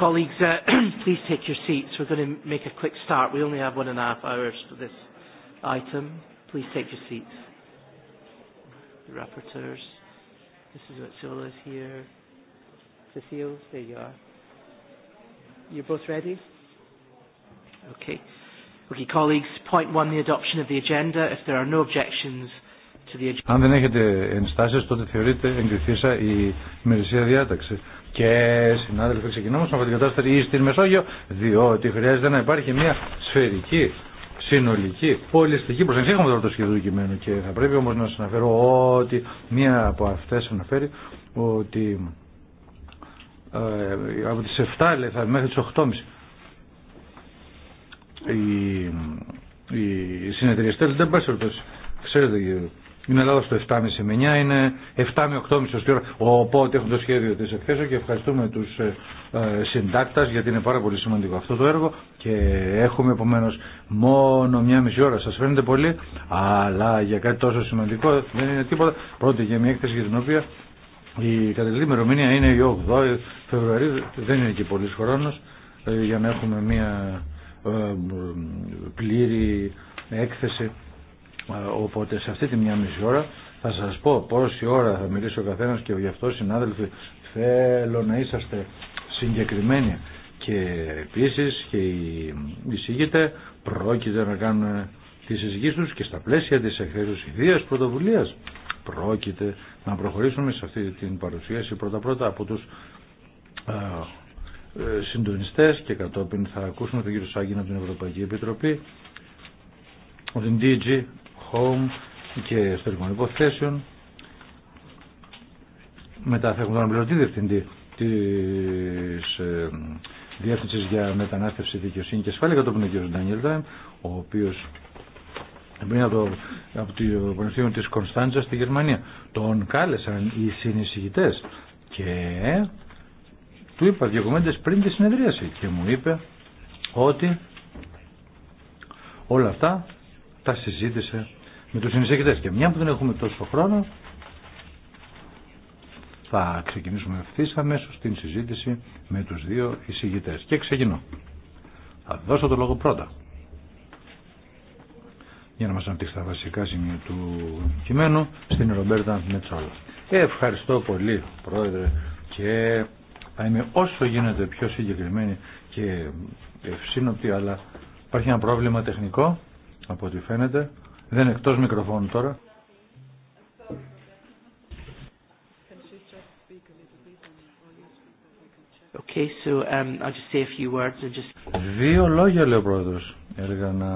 colleagues, uh, please take your seats. We're going to make a quick start. We only have one and a half hours for this item. Please take your seats. The rapporteurs, Mrs. Metzola is here. Cecile, there you are. You're both ready? Okay. Okay, colleagues, point one, the adoption of the agenda. If there are no objections to the agenda... Αν δεν έχετε ενστάσεις, τότε θεωρείται εγκριθήσα η διάταξη. Και συνάδελφοι, ξεκινάμε από την κατάσταση ή στην Μεσόγειο, διότι χρειάζεται να υπάρχει μια σφαιρική, συνολική, πολιστική προσέγγιση. Έχουμε τώρα το σχεδόν του και θα πρέπει όμω να σα αναφέρω ότι μία από αυτέ αναφέρει ότι ε, από τις 7 λεπτά μέχρι τις 8.30 οι, οι στέλνει. δεν πάει σε ξέρετε είναι Ελλάδα στο 7,5 με 9 είναι 7 με 8,5 ώρα. Οπότε έχουν το σχέδιο τη εκθέσεω και ευχαριστούμε του ε, ε, συντάκτα γιατί είναι πάρα πολύ σημαντικό αυτό το έργο και έχουμε επομένω μόνο μία μισή ώρα. Σα φαίνεται πολύ, αλλά για κάτι τόσο σημαντικό δεν είναι τίποτα. Πρώτη για μια έκθεση για την οποία η καταληκτική ημερομηνία είναι η 8η Φεβρουαρίου, δεν είναι και πολλή χρόνο ε, για να έχουμε μία πλήρη έκθεση Οπότε σε αυτή τη μια μισή ώρα θα σας πω πόση ώρα θα μιλήσει ο καθένας και γι' αυτό συνάδελφοι θέλω να είσαστε συγκεκριμένοι και επίσης και οι πρόκειται να κάνουν τις εισηγήσεις τους και στα πλαίσια της εκθέσεως ιδίας πρωτοβουλίας πρόκειται να προχωρήσουμε σε αυτή την παρουσίαση πρώτα πρώτα από τους ε, συντονιστές και κατόπιν θα ακούσουμε τον κύριο Σάγκη από την Ευρωπαϊκή Επιτροπή ο την Home και Ιστορικών Υποθέσεων. Μετά θα έχουμε τον αναπληρωτή διευθυντή της ε, για Μετανάστευση, Δικαιοσύνη και Ασφάλεια, κατόπιν ο κ. Ντάνιελ Ντάιμ ο οποίος πριν από το, από το Πανεπιστήμιο της Κωνσταντζα στη Γερμανία. Τον κάλεσαν οι συνεισηγητές και του είπα δύο κομμένε πριν τη συνεδρίαση και μου είπε ότι όλα αυτά τα συζήτησε με τους Και μια που δεν έχουμε τόσο χρόνο, θα ξεκινήσουμε ευθύ αμέσω την συζήτηση με τους δύο εισηγητές. Και ξεκινώ. Θα δώσω το λόγο πρώτα για να μας αναπτύξει τα βασικά σημεία του κειμένου στην Ρομπέρτα Μετσόλα. Ε, ευχαριστώ πολύ πρόεδρε και θα είμαι όσο γίνεται πιο συγκεκριμένη και ευσύνοπτη αλλά υπάρχει ένα πρόβλημα τεχνικό από ό,τι φαίνεται δεν είναι εκτός μικροφώνου τώρα. Okay, so, um, just say a few words and just... Δύο λόγια λέει ο πρόεδρος. να...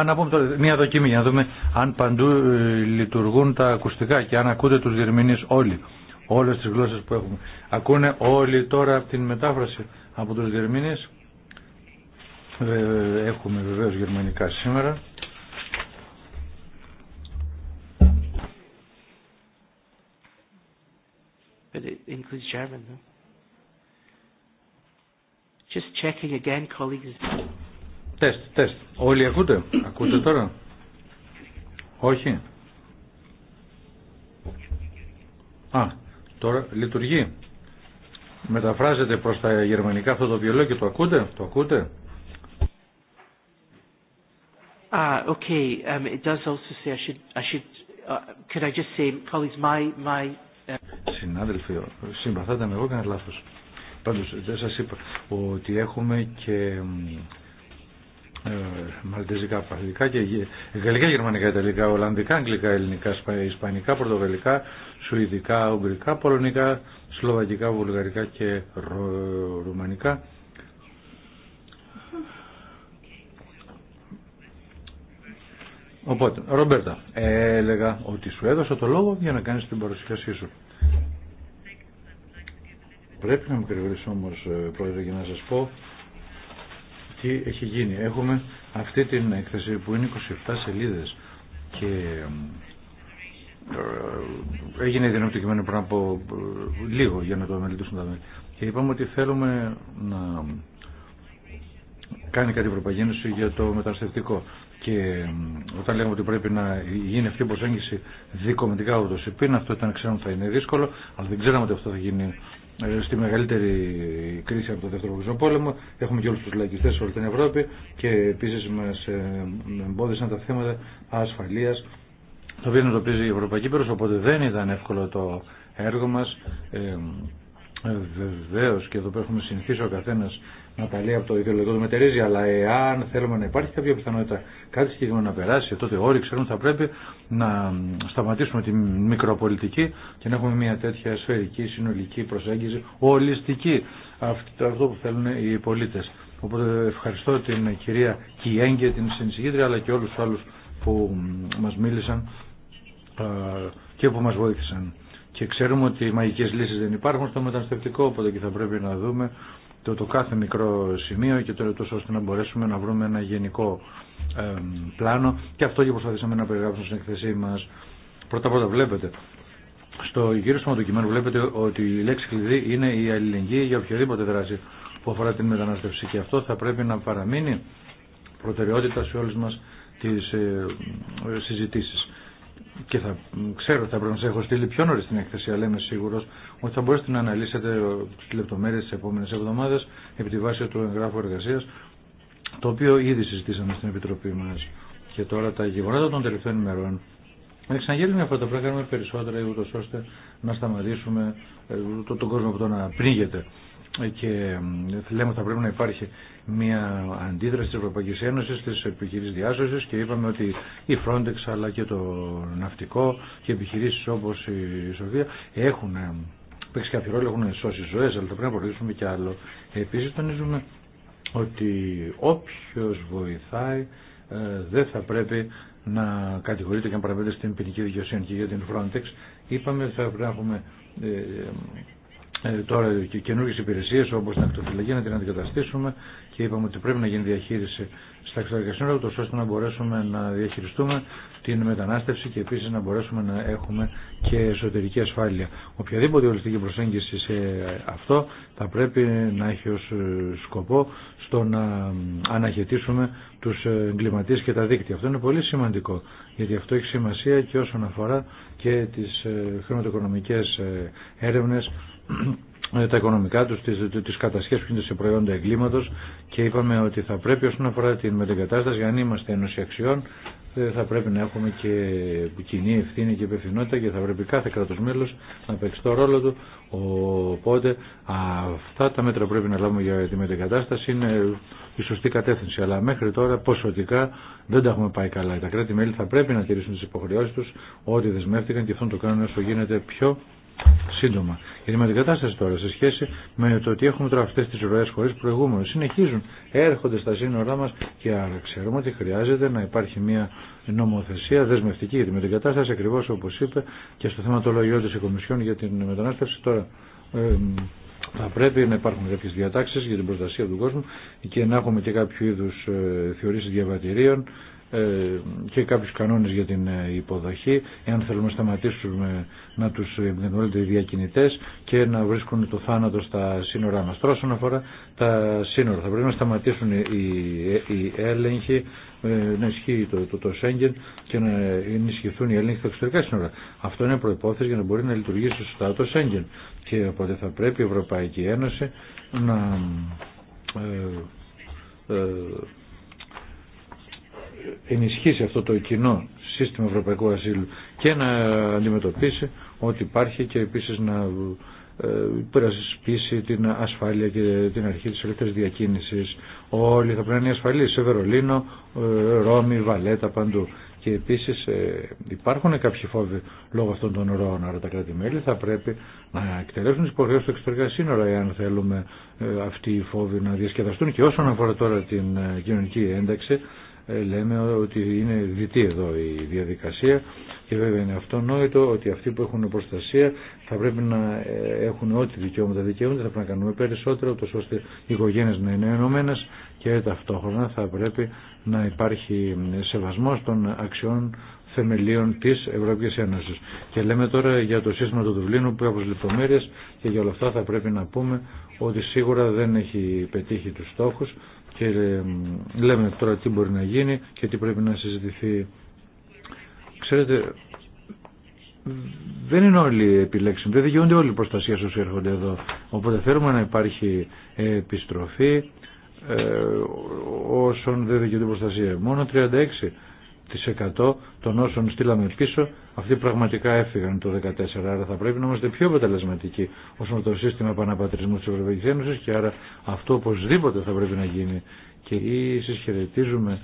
Α, να πούμε τώρα μια δοκιμή για να δούμε αν παντού ε, λειτουργούν τα ακουστικά και αν ακούτε τους διερμηνείς όλοι. Όλες τις γλώσσες που έχουμε. Ακούνε όλοι τώρα την μετάφραση από τους διερμηνείς. έχουμε βεβαίως γερμανικά σήμερα. But it includes German, no? Just checking again, colleagues. Test, test. Όλοι ακούτε. Ακούτε τώρα. Όχι. Α, τώρα λειτουργεί. Μεταφράζεται προς τα γερμανικά αυτό το βιολό και το ακούτε. Το ακούτε. Ah, okay. Um, it does also say I should, I should, uh, could I just say, colleagues, my, my Συνάδελφοι, συμπαθάτε με εγώ, έκανα λάθο. Πάντως, δεν σας είπα ότι έχουμε και ε, μαλτεζικά, παθητικά και γαλλικά, γερμανικά, ιταλικά, ολλανδικά, αγγλικά, ελληνικά, ισπανικά, πορτογαλικά, σουηδικά, ουγγρικά, πολωνικά, σλοβακικά, βουλγαρικά και ρουμανικά. Οπότε, Ρομπέρτα, έλεγα ότι σου έδωσα το λόγο για να κάνεις την παρουσίασή σου. Πρέπει να με περιορίσω όμως, ε, πρόεδρε, για να σας πω τι έχει γίνει. Έχουμε αυτή την έκθεση που είναι 27 σελίδες και ε, ε, έγινε η του κειμένη πριν από λίγο για να το μελετήσουμε. τα Και είπαμε ότι θέλουμε να κάνει κάτι η για το μεταναστευτικό. Και όταν λέμε ότι πρέπει να γίνει αυτή η προσέγγιση δικομετικά ούτω ή αυτό ήταν ξέρουμε θα είναι δύσκολο, αλλά δεν ξέραμε ότι ε, δικομητικά λαϊκιστέ σε όλη την Ευρώπη και επίση μα ε, εμπόδισαν τα θέματα ασφαλεία, τα οποία εντοπίζει η Ευρωπαϊκή Πύρο. Οπότε δεν ήταν εύκολο το έργο μα. Ε, ε, Βεβαίω και εδώ που έχουμε συνηθίσει ο καθένα να τα λέει από το ιδεολογικό του μετερίζει, αλλά εάν θέλουμε να υπάρχει κάποια πιθανότητα κάτι συγκεκριμένο να περάσει, τότε όλοι ξέρουν ότι θα πρέπει να σταματήσουμε τη μικροπολιτική και να έχουμε μια τέτοια σφαιρική, συνολική προσέγγιση, ολιστική. Αυτό που θέλουν οι πολίτε. Οπότε ευχαριστώ την κυρία Κιέγγε, την συνεισηγήτρια, αλλά και όλου του άλλου που μα μίλησαν και που μα βοήθησαν. Και ξέρουμε ότι οι μαγικές λύσεις δεν υπάρχουν στο μεταναστευτικό, οπότε και θα πρέπει να δούμε το, το κάθε μικρό σημείο και το τόσο ώστε να μπορέσουμε να βρούμε ένα γενικό ε, πλάνο και αυτό και προσπαθήσαμε να περιγράψουμε στην εκθεσή μας. Πρώτα πρώτα βλέπετε, στο γύρω στο κειμένου βλέπετε ότι η λέξη κλειδί είναι η αλληλεγγύη για οποιαδήποτε δράση που αφορά την μετανάστευση και αυτό θα πρέπει να παραμείνει προτεραιότητα σε όλες μας τις ε, συζητήσεις και θα ξέρω ότι θα πρέπει να σα έχω στείλει πιο νωρί την έκθεση, αλλά είμαι σίγουρο ότι θα μπορέσετε να αναλύσετε ε, τι λεπτομέρειε τη επόμενε εβδομάδε επί τη βάση του εγγράφου εργασία, το οποίο ήδη συζητήσαμε στην Επιτροπή μα. Και τώρα τα γεγονότα των τελευταίων ημερών. Να ξαναγίνουμε αυτά τα πράγματα περισσότερα, ούτω ώστε να σταματήσουμε ε, τον κόσμο από το να πνίγεται. Ε, και λέμε ότι θα πρέπει να υπάρχει μια αντίδραση της Ευρωπαϊκής Ένωσης στις επιχειρήσεις διάσωση και είπαμε ότι η Frontex αλλά και το ναυτικό και επιχειρήσεις όπως η Σοφία έχουν ε, παίξει κάποιο ρόλο, έχουν σώσει ζωέ, αλλά θα πρέπει να προωθήσουμε και άλλο. Επίση τονίζουμε ότι όποιο βοηθάει ε, δεν θα πρέπει να κατηγορείται και να παραβαίνει στην ποινική δικαιοσύνη και για την Frontex. Είπαμε ότι θα πρέπει να έχουμε ε, ε τώρα και καινούργιε υπηρεσίε όπω την ακτοφυλακή να την αντικαταστήσουμε και είπαμε ότι πρέπει να γίνει διαχείριση στα εξωτερικά σύνορα, ούτως ώστε να μπορέσουμε να διαχειριστούμε την μετανάστευση και επίσης να μπορέσουμε να έχουμε και εσωτερική ασφάλεια. Οποιαδήποτε ολιστική προσέγγιση σε αυτό θα πρέπει να έχει ως ε, σκοπό στο να αναχαιτήσουμε τους ε, εγκληματίες και τα δίκτυα. Αυτό είναι πολύ σημαντικό, γιατί αυτό έχει σημασία και όσον αφορά και τις ε, χρηματοοικονομικές έρευνες ε, τα οικονομικά τους, τις, τις κατασχέσεις που είναι σε προϊόντα εγκλήματος και είπαμε ότι θα πρέπει όσον αφορά την μετεγκατάσταση, αν είμαστε ένωση αξιών, ε, θα πρέπει να έχουμε και κοινή ευθύνη και υπευθυνότητα και θα πρέπει κάθε κράτος μέλος να παίξει το ρόλο του. Οπότε αυτά τα μέτρα που πρέπει να λάβουμε για τη μετεγκατάσταση είναι η σωστή κατεύθυνση. Αλλά μέχρι τώρα ποσοτικά δεν τα έχουμε πάει καλά. Τα κράτη-μέλη θα πρέπει να τηρήσουν τις υποχρεώσεις τους, ό,τι δεσμεύτηκαν και αυτό το κάνουν όσο γίνεται πιο σύντομα. Γιατί με την κατάσταση τώρα σε σχέση με το ότι έχουμε τώρα αυτέ τι ροέ χωρί προηγούμενο. Συνεχίζουν, έρχονται στα σύνορά μα και άρα ξέρουμε ότι χρειάζεται να υπάρχει μια νομοθεσία δεσμευτική. για με την κατάσταση ακριβώ όπω είπε και στο λογιών τη Κομισιόν για την μετανάστευση τώρα. Ε, θα πρέπει να υπάρχουν κάποιε διατάξει για την προστασία του κόσμου και να έχουμε και κάποιο είδου ε, θεωρήσει διαβατηρίων ε, και κάποιους κανόνες για την ε, υποδοχή εάν θέλουμε να σταματήσουμε να τους εμπνευνούνται οι διακινητές και να βρίσκουν το θάνατο στα σύνορά μας. Τώρα αφορά τα σύνορα θα πρέπει να σταματήσουν οι, έλεγχοι ε, να ισχύει το, το, το Σέγγεν και να ενισχυθούν οι έλεγχοι στα εξωτερικά σύνορα. Αυτό είναι προπόθεση για να μπορεί να λειτουργήσει σωστά το Σέγγεν και οπότε θα πρέπει η Ευρωπαϊκή Ένωση να ενισχύσει αυτό το κοινό σύστημα ευρωπαϊκού ασύλου και να αντιμετωπίσει ότι υπάρχει και επίσης να ε, υπερασπίσει την ασφάλεια και την αρχή της ελεύθερης διακίνησης. Όλοι θα πρέπει να είναι ασφαλείς σε Βερολίνο, ε, Ρώμη, Βαλέτα, παντού. Και επίσης ε, υπάρχουν κάποιοι φόβοι λόγω αυτών των ροών, άρα τα κράτη-μέλη θα πρέπει να εκτελέσουν τις υποχρεώσεις του εξωτερικά σύνορα, εάν θέλουμε αυτοί οι φόβοι να διασκεδαστούν. Και όσον αφορά τώρα την κοινωνική ένταξη, ε, λέμε ότι είναι δυτή εδώ η διαδικασία και βέβαια είναι αυτό αυτονόητο ότι αυτοί που έχουν προστασία θα πρέπει να ε, έχουν ό,τι δικαιώματα δικαιούνται, θα πρέπει να κάνουμε περισσότερο, ώστε οι οικογένειε να είναι ενωμένε και ταυτόχρονα θα πρέπει να υπάρχει σεβασμός των αξιών θεμελίων της Ευρωπαϊκή Ένωση. Και λέμε τώρα για το σύστημα του Δουβλίνου που από λεπτομέρειε και για όλα αυτά θα πρέπει να πούμε ότι σίγουρα δεν έχει πετύχει τους στόχους και ε, λέμε τώρα τι μπορεί να γίνει και τι πρέπει να συζητηθεί. Ξέρετε, δεν είναι όλοι επιλέξιμοι, δεν δικαιούνται όλοι προστασία όσοι έρχονται εδώ. Οπότε θέλουμε να υπάρχει επιστροφή ε, όσων δεν δικαιούνται προστασία. Μόνο 36 90% των όσων στείλαμε πίσω, αυτοί πραγματικά έφυγαν το 2014. Άρα θα πρέπει να είμαστε πιο αποτελεσματικοί όσον το σύστημα επαναπατρισμού τη Ευρωπαϊκή Ένωση και άρα αυτό οπωσδήποτε θα πρέπει να γίνει. Και ή χαιρετίζουμε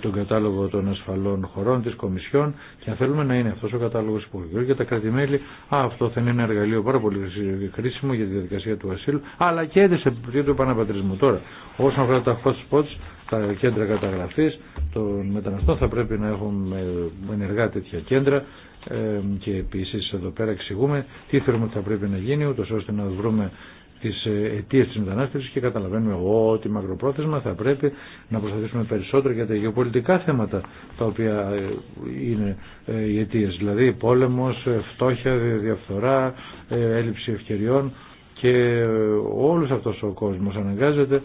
τον κατάλογο των ασφαλών χωρών τη Κομισιόν και αν θέλουμε να είναι αυτό ο κατάλογο υπουργείων για τα κρατημέλη, αυτό θα είναι ένα εργαλείο πάρα πολύ χρήσιμο για τη διαδικασία του ασύλου αλλά και τη του επαναπατρισμού. Τώρα, όσον αφορά τα hot spots, τα κέντρα καταγραφής των μεταναστών θα πρέπει να έχουμε ενεργά τέτοια κέντρα ε, και επίσης εδώ πέρα εξηγούμε τι θέλουμε ότι θα πρέπει να γίνει ούτως ώστε να βρούμε τις ε, αιτίες της μετανάστευσης και καταλαβαίνουμε ότι μακροπρόθεσμα θα πρέπει να προσπαθήσουμε περισσότερο για τα γεωπολιτικά θέματα τα οποία ε, είναι οι αιτίες δηλαδή πόλεμος, φτώχεια, διαφθορά, έλλειψη ευκαιριών και όλος αυτός ο κόσμος αναγκάζεται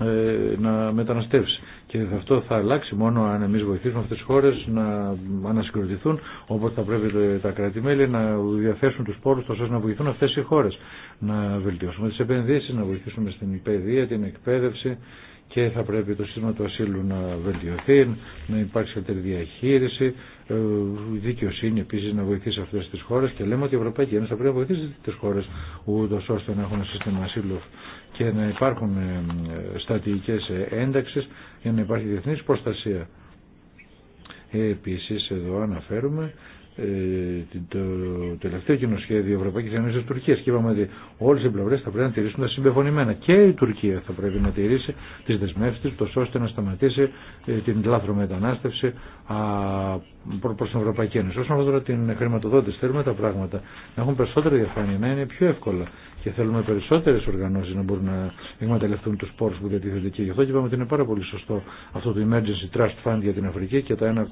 ε, να μεταναστεύσει. Και αυτό θα αλλάξει μόνο αν εμείς βοηθήσουμε αυτές τις χώρες να ανασυγκροτηθούν, όπως θα πρέπει τα κράτη-μέλη να διαθέσουν τους πόρους ώστε να βοηθούν αυτές οι χώρες. Να βελτιώσουμε τις επενδύσεις, να βοηθήσουμε στην παιδεία, την εκπαίδευση και θα πρέπει το σύστημα του ασύλου να βελτιωθεί, να υπάρξει καλύτερη διαχείριση, ε, δικαιοσύνη επίση να βοηθήσει αυτέ τι χώρε και λέμε ότι η Ευρωπαϊκή Ένωση θα πρέπει να βοηθήσει τι χώρε ούτω ώστε να έχουν ένα σύστημα ασύλου και να υπάρχουν ε, στατικές ένταξεις για να υπάρχει διεθνής προστασία. Ε, επίσης εδώ αναφέρουμε ε, το τελευταίο σχέδιο Ευρωπαϊκή Ένωση Τουρκία. Και είπαμε ότι όλε οι πλευρέ θα πρέπει να τηρήσουν τα συμπεφωνημένα. Και η Τουρκία θα πρέπει να τηρήσει τι δεσμεύσει τη, ώστε να σταματήσει την λάθρο από Προ την Ευρωπαϊκή Ένωση. Όσον αφορά την χρηματοδότηση, θέλουμε τα πράγματα να έχουν περισσότερη διαφάνεια, να είναι πιο εύκολα και θέλουμε περισσότερε οργανώσει να μπορούν να εκμεταλλευτούν του πόρου που διατίθεται εκεί. γι' αυτό και είπαμε ότι είναι πάρα πολύ σωστό αυτό το Emergency Trust Fund για την Αφρική και τα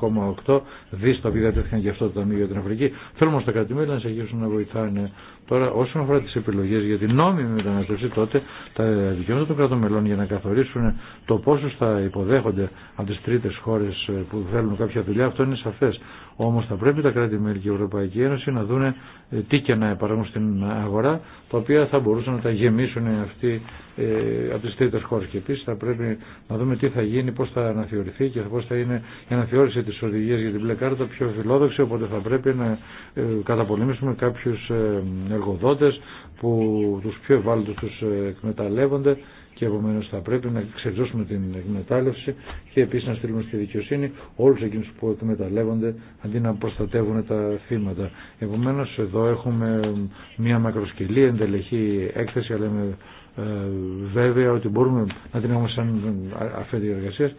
1,8 δι τα οποία διατέθηκαν για αυτό το Ταμείο για την Αφρική. Θέλουμε στα κρατημέρια να συνεχίσουν να βοηθάνε Τώρα, όσον αφορά τι επιλογέ για την νόμιμη μεταναστεύση, τότε τα δικαιώματα των κρατομελών για να καθορίσουν το πόσο θα υποδέχονται από τι τρίτε χώρε που θέλουν κάποια δουλειά, αυτό είναι σαφέ. Όμως θα πρέπει τα κράτη-μέλη και η Ευρωπαϊκή Ένωση να δούνε ε, τι και να παράγουν στην αγορά, τα οποία θα μπορούσαν να τα γεμίσουν αυτοί ε, από τις τρίτες χώρες. Και επίσης θα πρέπει να δούμε τι θα γίνει, πώς θα αναθεωρηθεί και πώς θα είναι η αναθεώρηση της οδηγίας για την μπλε κάρτα πιο φιλόδοξη, οπότε θα πρέπει να ε, καταπολεμήσουμε κάποιους ε, εργοδότες που τους πιο ευάλωτους τους ε, εκμεταλλεύονται και επομένω θα πρέπει να ξεριζώσουμε την εκμετάλλευση και επίση να στείλουμε στη δικαιοσύνη όλου εκείνου που εκμεταλλεύονται αντί να προστατεύουν τα θύματα. Επομένω, εδώ έχουμε μια μακροσκελή εντελεχή έκθεση αλλά είμαι ε, βέβαια ότι μπορούμε να την έχουμε σαν αφέτη εργασία.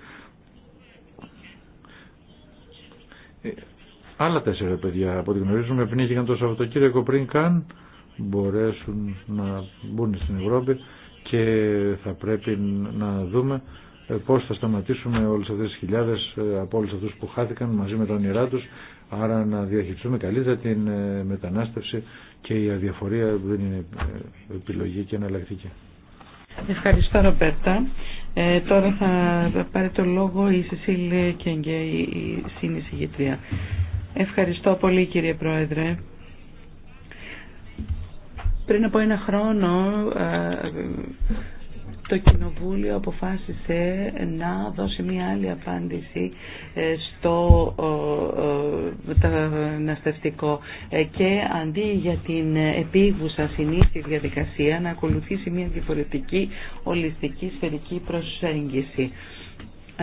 Ε, άλλα τέσσερα παιδιά από ό,τι γνωρίζουμε πνίγηκαν το Σαββατοκύριακο πριν καν μπορέσουν να μπουν στην Ευρώπη και θα πρέπει να δούμε ε, πώς θα σταματήσουμε όλες αυτές τις χιλιάδες ε, από όλους αυτούς που χάθηκαν μαζί με τα όνειρά τους άρα να διαχειριστούμε καλύτερα την ε, μετανάστευση και η αδιαφορία δεν είναι επιλογή και εναλλακτική. Ευχαριστώ Ρομπέρτα. Ε, τώρα θα πάρει το λόγο η Σεσίλ και η συνεισηγητρία. Ευχαριστώ πολύ κύριε Πρόεδρε. Πριν από ένα χρόνο ε, το Κοινοβούλιο αποφάσισε να δώσει μια άλλη απάντηση ε, στο μεταναστευτικό ε, και αντί για την επίγουσα συνήθεια διαδικασία να ακολουθήσει μια διαφορετική ολιστική σφαιρική προσέγγιση.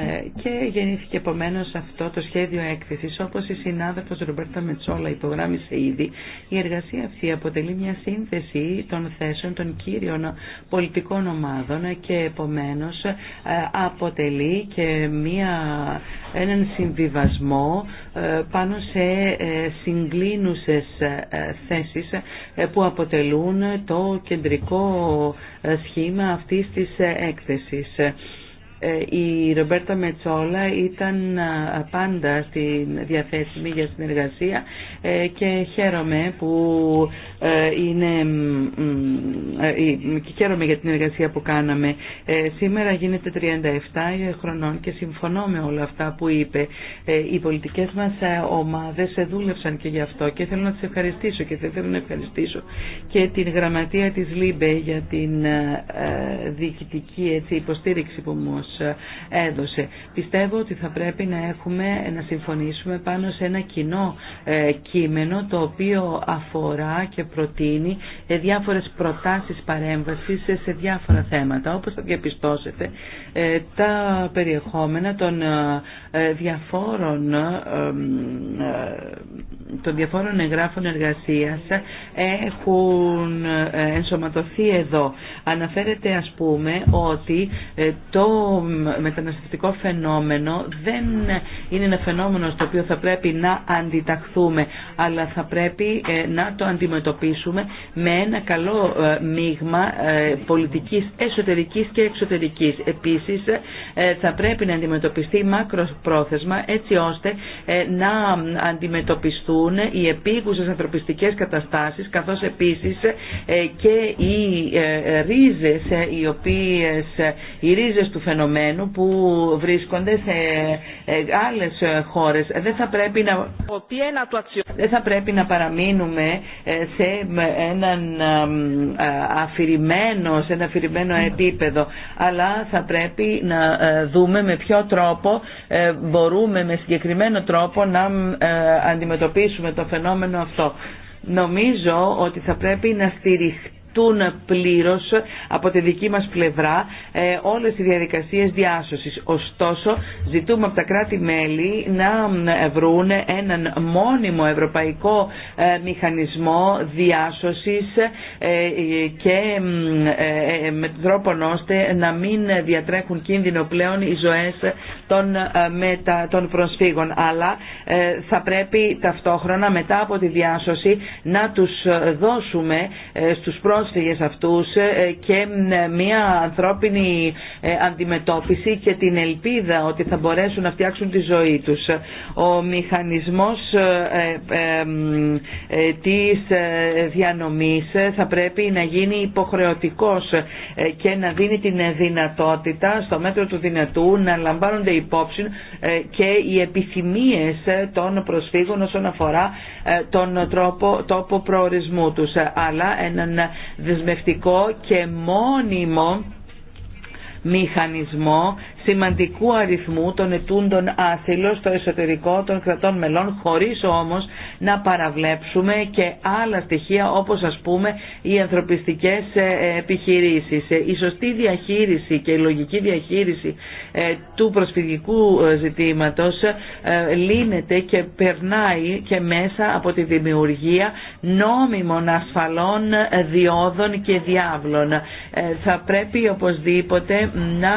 Ε, και γεννήθηκε επομένω αυτό το σχέδιο έκθεσης. Όπως η συνάδελφο Ρομπέρτα Μετσόλα υπογράμμισε ήδη, η εργασία αυτή αποτελεί μια σύνθεση των θέσεων των κύριων πολιτικών ομάδων και επομένω ε, αποτελεί και μια, έναν συμβιβασμό ε, πάνω σε συγκλίνουσες θέσεις που αποτελούν το κεντρικό σχήμα αυτής της έκθεσης. Ε, η Ρομπέρτα Μετσόλα ήταν ε, πάντα στη διαθέσιμη για συνεργασία ε, και χαίρομαι που ε, είναι ε, και χαίρομαι για την εργασία που κάναμε. Ε, σήμερα γίνεται 37 χρονών και συμφωνώ με όλα αυτά που είπε. Οι πολιτικές μας ομάδες δούλευσαν και γι' αυτό και θέλω να τις ευχαριστήσω και θέλω να ευχαριστήσω και την γραμματεία της ΛΥΜΠΕ για την διοικητική έτσι, υποστήριξη που μας έδωσε. Πιστεύω ότι θα πρέπει να έχουμε, να συμφωνήσουμε πάνω σε ένα κοινό κείμενο το οποίο αφορά και προτείνει ε, διάφορες προτάσεις παρέμβασης ε, σε διάφορα θέματα. Όπως θα διαπιστώσετε, ε, τα περιεχόμενα των διαφόρων, των διαφόρων εγγράφων εργασίας έχουν ενσωματωθεί εδώ. Αναφέρεται ας πούμε ότι το μεταναστευτικό φαινόμενο δεν είναι ένα φαινόμενο στο οποίο θα πρέπει να αντιταχθούμε αλλά θα πρέπει να το αντιμετωπίσουμε αντιμετωπίσουμε με ένα καλό ε, μείγμα ε, πολιτικής εσωτερικής και εξωτερικής. Επίσης ε, θα πρέπει να αντιμετωπιστεί μακροπρόθεσμα έτσι ώστε να αντιμετωπιστούν οι επίγουσες ανθρωπιστικές καταστάσεις καθώς επίσης και οι ρίζες, οι, οποίες, οι ρίζες του φαινομένου που βρίσκονται σε άλλες χώρες. Δεν θα πρέπει να, δεν θα πρέπει να παραμείνουμε σε σε έναν αφηρημένο, σε ένα αφηρημένο επίπεδο αλλά θα πρέπει να ε, δούμε με ποιο τρόπο ε, μπορούμε με συγκεκριμένο τρόπο να ε, αντιμετωπίσουμε το φαινόμενο αυτό. Νομίζω ότι θα πρέπει να στηριχθεί τον πλήρως από τη δική μας πλευρά ε, όλες οι διαδικασίες διάσωσης. Ωστόσο, ζητούμε από τα κράτη-μέλη να ε, βρουν έναν μόνιμο ευρωπαϊκό ε, μηχανισμό διάσωσης και με τρόπο ώστε να μην διατρέχουν κίνδυνο πλέον οι ζωές των, μετα, των προσφύγων. Αλλά θα πρέπει ταυτόχρονα μετά από τη διάσωση να τους δώσουμε στους πρόσφυγες αυτούς ε, ε, και ε, μια ανθρώπινη αντιμετώπιση και την ελπίδα ότι θα μπορέσουν να φτιάξουν τη ζωή τους. Ο μηχανισμός της διανομής θα πρέπει να γίνει υποχρεωτικός και να δίνει την δυνατότητα στο μέτρο του δυνατού να λαμβάνονται υπόψη και οι επιθυμίες των προσφύγων όσον αφορά τον τρόπο, τόπο προορισμού τους αλλά έναν δεσμευτικό και μόνιμο μηχανισμό σημαντικού αριθμού των ετούντων άσυλο στο εσωτερικό των κρατών μελών, χωρίς όμως να παραβλέψουμε και άλλα στοιχεία όπως ας πούμε οι ανθρωπιστικές ε, επιχειρήσεις. Ε, η σωστή διαχείριση και η λογική διαχείριση ε, του προσφυγικού ζητήματος λύνεται και περνάει και μέσα από τη δημιουργία νόμιμων ασφαλών διόδων και διάβλων. Θα πρέπει οπωσδήποτε να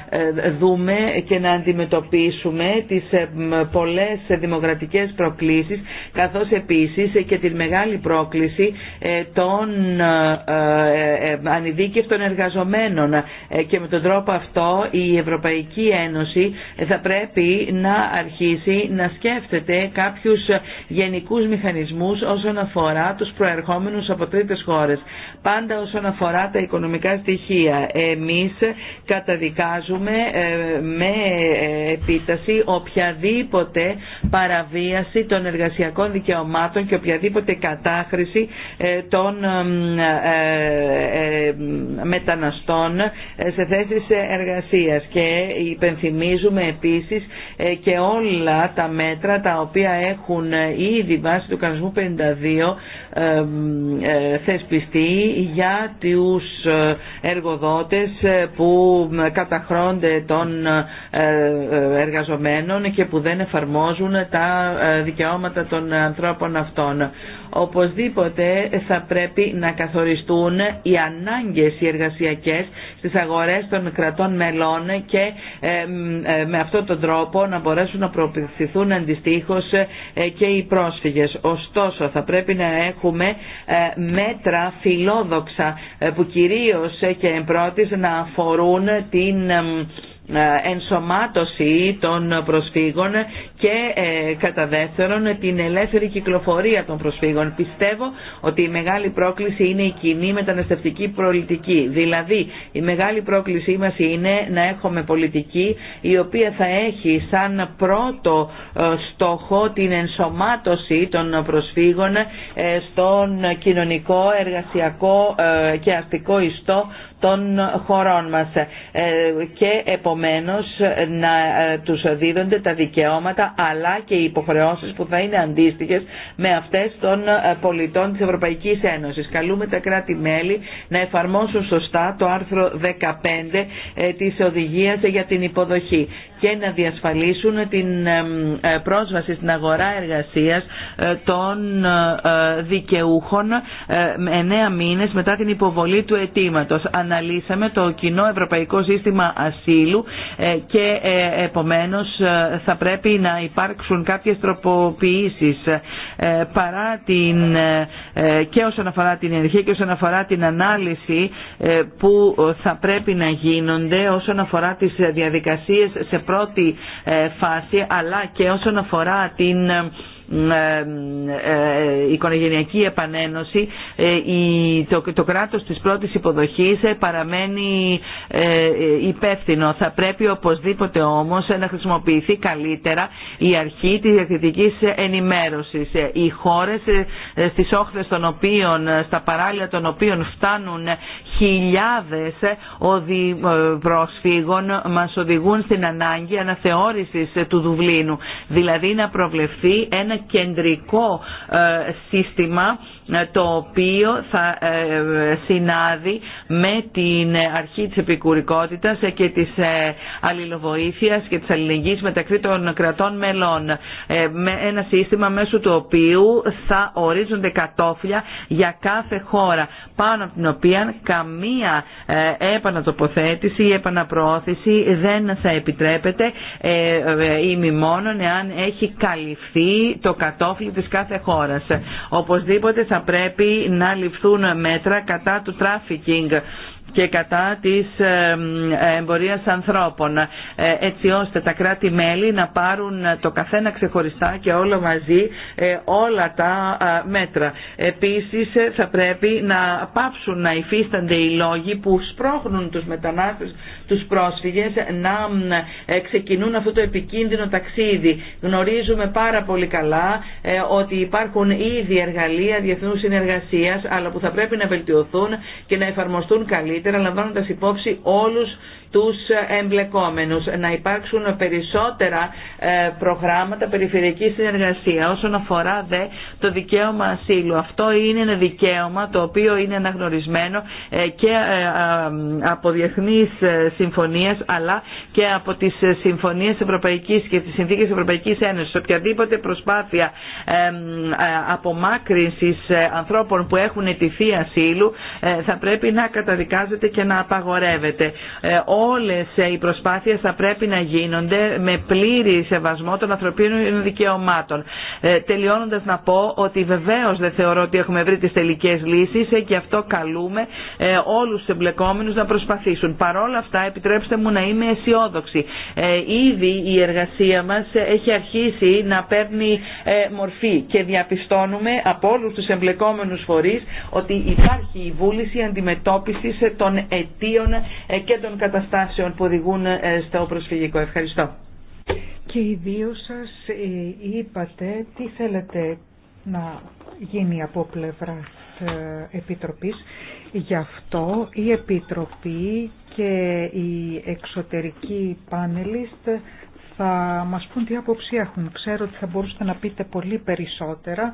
Ε, δούμε και να αντιμετωπίσουμε τις ε, πολλές δημοκρατικές προκλήσεις καθώς επίσης και την μεγάλη πρόκληση ε, των ανειδίκευτων εργαζομένων και με τον τρόπο αυτό η Ευρωπαϊκή Ένωση θα πρέπει να αρχίσει να σκέφτεται κάποιους γενικούς μηχανισμούς όσον αφορά τους προερχόμενους από τρίτες χώρες. Πάντα όσον αφορά τα οικονομικά στοιχεία. Εμείς καταδικάζουμε ε, με ε, επίταση οποιαδήποτε παραβίαση των εργασιακών δικαιωμάτων και οποιαδήποτε κατάχρηση ε, των μεταναστών σε θέσεις εργασίας και υπενθυμίζουμε επίσης και όλα τα μέτρα τα οποία έχουν ήδη βάσει του κανονισμού 52 θεσπιστεί για τους εργοδότες που χρόνο των ε, ε, εργαζομένων και που δεν εφαρμόζουν τα ε, δικαιώματα των ανθρώπων αυτών. Οπωσδήποτε θα πρέπει να καθοριστούν οι ανάγκες οι εργασιακές στις αγορές των κρατών μελών και ε, με αυτόν τον τρόπο να μπορέσουν να προωθηθούν αντιστοίχως ε, και οι πρόσφυγες. Ωστόσο θα πρέπει να έχουμε ε, μέτρα φιλόδοξα που κυρίως και εμπρότης να αφορούν την ε, ενσωμάτωση των προσφύγων και ε, κατά δεύτερον την ελεύθερη κυκλοφορία των προσφύγων. Πιστεύω ότι η μεγάλη πρόκληση είναι η κοινή μεταναστευτική πολιτική. Δηλαδή η μεγάλη πρόκλησή μας είναι να έχουμε πολιτική η οποία θα έχει σαν πρώτο ε, στόχο την ενσωμάτωση των προσφύγων στον κοινωνικό, εργασιακό και αστικό ιστό των χωρών μας ε, και επομένως να ε, τους δίδονται τα δικαιώματα αλλά και οι υποχρεώσεις που θα είναι αντίστοιχες με αυτές των ε, πολιτών της Ευρωπαϊκής Ένωσης. Καλούμε τα κράτη-μέλη να εφαρμόσουν σωστά το άρθρο 15 της οδηγίας για την υποδοχή και να διασφαλίσουν την ε, πρόσβαση στην αγορά εργασίας ε, των ε, δικαιούχων εννέα μήνες μετά την υποβολή του αιτήματο. Αναλύσαμε το κοινό ευρωπαϊκό σύστημα ασύλου και επομένως θα πρέπει να υπάρξουν κάποιες τροποποιήσεις παρά την, και όσον αφορά την ενεργή και όσον αφορά την ανάλυση που θα πρέπει να γίνονται όσον αφορά τις διαδικασίες σε πρώτη ε, φάση αλλά και όσον αφορά την ε, ε, οικογενειακή επανένωση το κράτος της πρώτης υποδοχής παραμένει υπεύθυνο. Θα πρέπει οπωσδήποτε όμως να χρησιμοποιηθεί καλύτερα η αρχή της διακριτικής ενημέρωσης. Οι χώρες στις όχθες των οποίων, στα παράλια των οποίων φτάνουν χιλιάδες ε, οδη, ε, πρόσφυγων μας οδηγούν στην ανάγκη αναθεώρησης ε, του Δουβλίνου. Δηλαδή να προβλεφθεί ένα κεντρικό σύστημα ε, το οποίο θα ε, συνάδει με την αρχή της επικουρικότητας ε, και της αλληλοβοήθειας και της αλληλεγγύης μεταξύ των κρατών μελών. Με ένα σύστημα μέσω του οποίου θα ορίζονται κατόφλια για κάθε χώρα πάνω από την οποία καμία επανατοποθέτηση ή επαναπροώθηση δεν θα επιτρέπεται ή μη μόνον εάν έχει καλυφθεί το κατόφλι της κάθε χώρας. Οπωσδήποτε θα πρέπει να ληφθούν μέτρα κατά του τράφικινγκ και κατά της εμπορίας ανθρώπων ε, έτσι ώστε τα κράτη-μέλη να πάρουν το καθένα ξεχωριστά και όλο μαζί ε, όλα τα μέτρα. Επίσης ε, θα πρέπει να πάψουν να υφίστανται οι λόγοι που σπρώχνουν τους μετανάστες, τους πρόσφυγες να ξεκινούν αυτό το επικίνδυνο ταξίδι. Γνωρίζουμε πάρα πολύ καλά ότι υπάρχουν ήδη εργαλεία διεθνού συνεργασίας αλλά που θα πρέπει να βελτιωθούν και να εφαρμοστούν καλύτερα καλύτερα λαμβάνοντας υπόψη όλους τους εμπλεκόμενους, να υπάρξουν περισσότερα ε, προγράμματα περιφερειακή συνεργασία. Όσον αφορά δε το δικαίωμα ασύλου, αυτό είναι ένα δικαίωμα το οποίο είναι αναγνωρισμένο ε, και ε, από διεθνείς συμφωνίες αλλά και από τις συμφωνίες Ευρωπαϊκής και τις συνθήκες Ευρωπαϊκής Ένωσης. Οποιαδήποτε προσπάθεια απομάκρυνσης ανθρώπων που έχουν ετηθεί ασύλου θα πρέπει να καταδικάζεται και να απαγορεύεται όλες ε, οι προσπάθειες θα πρέπει να γίνονται με πλήρη σεβασμό των ανθρωπίνων δικαιωμάτων. Ε, τελειώνοντας να πω ότι βεβαίως δεν θεωρώ ότι έχουμε βρει τις τελικές λύσεις ε, και αυτό καλούμε όλους τους εμπλεκόμενους να προσπαθήσουν. Παρόλα αυτά επιτρέψτε μου να είμαι αισιόδοξη. Ήδη η εργασία μας έχει αρχίσει να παίρνει μορφή και διαπιστώνουμε από όλους τους εμπλεκόμενους φορείς ότι υπάρχει η βούληση αντιμετώπισης των αιτίων και των καταστάσεων καταστάσεων που οδηγούν ε, στο προσφυγικό. Ευχαριστώ. Και οι δύο σας ε, είπατε τι θέλετε να γίνει από πλευρά ε, Επιτροπής. Γι' αυτό η Επιτροπή και οι εξωτερικοί πάνελιστ θα μας πούν τι άποψη έχουν. Ξέρω ότι θα μπορούσατε να πείτε πολύ περισσότερα.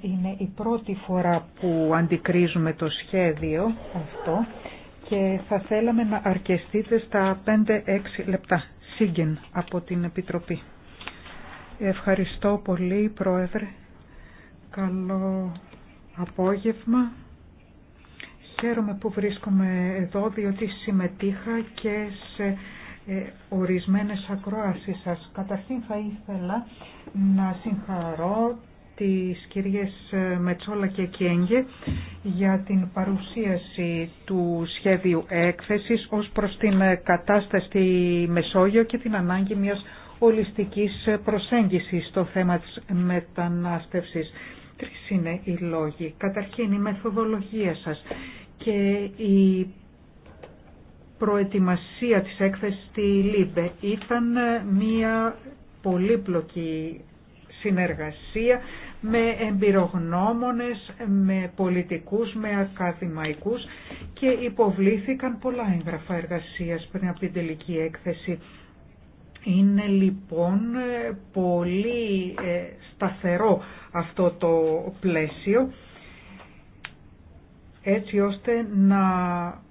Είναι η πρώτη φορά που αντικρίζουμε το σχέδιο αυτό και θα θέλαμε να αρκεστείτε στα 5-6 λεπτά. Σύγκεν από την Επιτροπή. Ευχαριστώ πολύ, Πρόεδρε. Καλό απόγευμα. Χαίρομαι που βρίσκομαι εδώ, διότι συμμετείχα και σε ε, ορισμένες ακροάσεις σας. Καταρχήν θα ήθελα να συγχαρώ τις κυρίες ε, Μετσόλα και Κιέγγε για την παρουσίαση του σχέδιου έκθεσης ως προς την ε, κατάσταση στη Μεσόγειο και την ανάγκη μιας ολιστικής ε, προσέγγισης στο θέμα της μετανάστευσης. Τρεις είναι οι λόγοι. Καταρχήν η μεθοδολογία σας και η προετοιμασία της έκθεσης στη ΛΥΜΠΕ ήταν μια πολύπλοκη συνεργασία με εμπειρογνώμονες, με πολιτικούς, με ακαδημαϊκούς και υποβλήθηκαν πολλά έγγραφα εργασίας πριν από την τελική έκθεση. Είναι λοιπόν πολύ ε, σταθερό αυτό το πλαίσιο έτσι ώστε να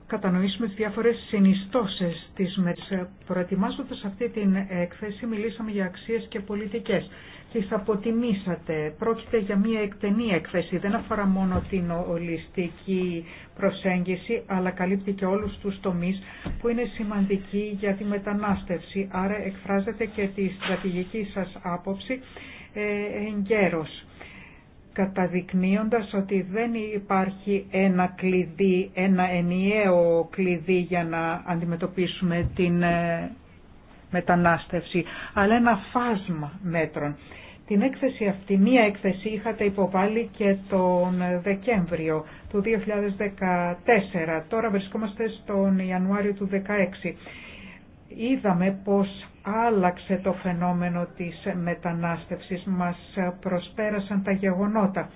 κατανοήσουμε τις διάφορες συνιστώσεις της ΜΕΤΣ. Προετοιμάζοντας αυτή την έκθεση μιλήσαμε για αξίες και πολιτικές. Τις αποτιμήσατε. Πρόκειται για μια εκτενή έκθεση. Δεν αφορά μόνο την ολιστική προσέγγιση, αλλά καλύπτει και όλους τους τομείς που είναι σημαντικοί για τη μετανάστευση. Άρα εκφράζεται και τη στρατηγική σας άποψη ε, καταδεικνύοντας ότι δεν υπάρχει ένα κλειδί, ένα ενιαίο κλειδί για να αντιμετωπίσουμε την ε, μετανάστευση, αλλά ένα φάσμα μέτρων. Την έκθεση αυτή, μία έκθεση είχατε υποβάλει και τον Δεκέμβριο του 2014. Τώρα βρισκόμαστε στον Ιανουάριο του 2016. Είδαμε πως άλλαξε το φαινόμενο της μετανάστευσης, μας προσπέρασαν τα γεγονότα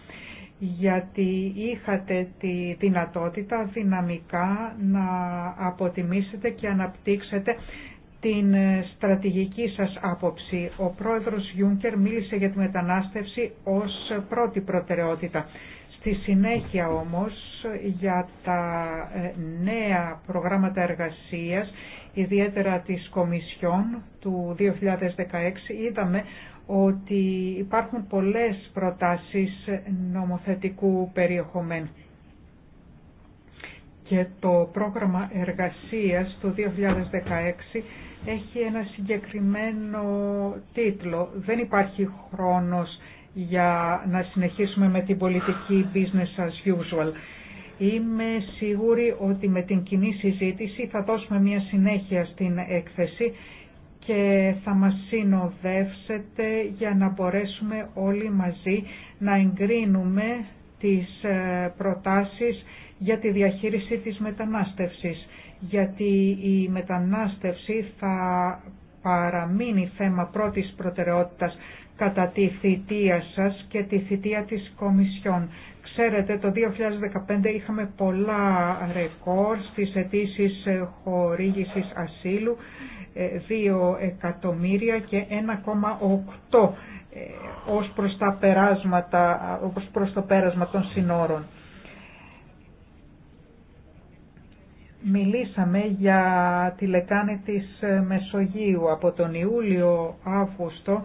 γιατί είχατε τη δυνατότητα δυναμικά να αποτιμήσετε και αναπτύξετε την στρατηγική σας άποψη. Ο πρόεδρος Γιούνκερ μίλησε για τη μετανάστευση ως πρώτη προτεραιότητα. Στη συνέχεια όμως για τα ε, νέα προγράμματα εργασίας ιδιαίτερα της Κομισιόν του 2016, είδαμε ότι υπάρχουν πολλές προτάσεις νομοθετικού περιεχομένου. Και το πρόγραμμα εργασίας του 2016 έχει ένα συγκεκριμένο τίτλο. Δεν υπάρχει χρόνος για να συνεχίσουμε με την πολιτική business as usual. Είμαι σίγουρη ότι με την κοινή συζήτηση θα δώσουμε μια συνέχεια στην έκθεση και θα μας συνοδεύσετε για να μπορέσουμε όλοι μαζί να εγκρίνουμε τις ε, προτάσεις για τη διαχείριση της μετανάστευσης. Γιατί η μετανάστευση θα παραμείνει θέμα πρώτης προτεραιότητας κατά τη θητεία σας και τη θητεία της Κομισιόν ξέρετε, το 2015 είχαμε πολλά ρεκόρ στις αιτήσει ε, χορήγησης ασύλου, 2 ε, εκατομμύρια και 1,8 ε, ως προς, τα περάσματα, ως προς το πέρασμα των συνόρων. Μιλήσαμε για τη λεκάνη της Μεσογείου από τον Ιούλιο-Αύγουστο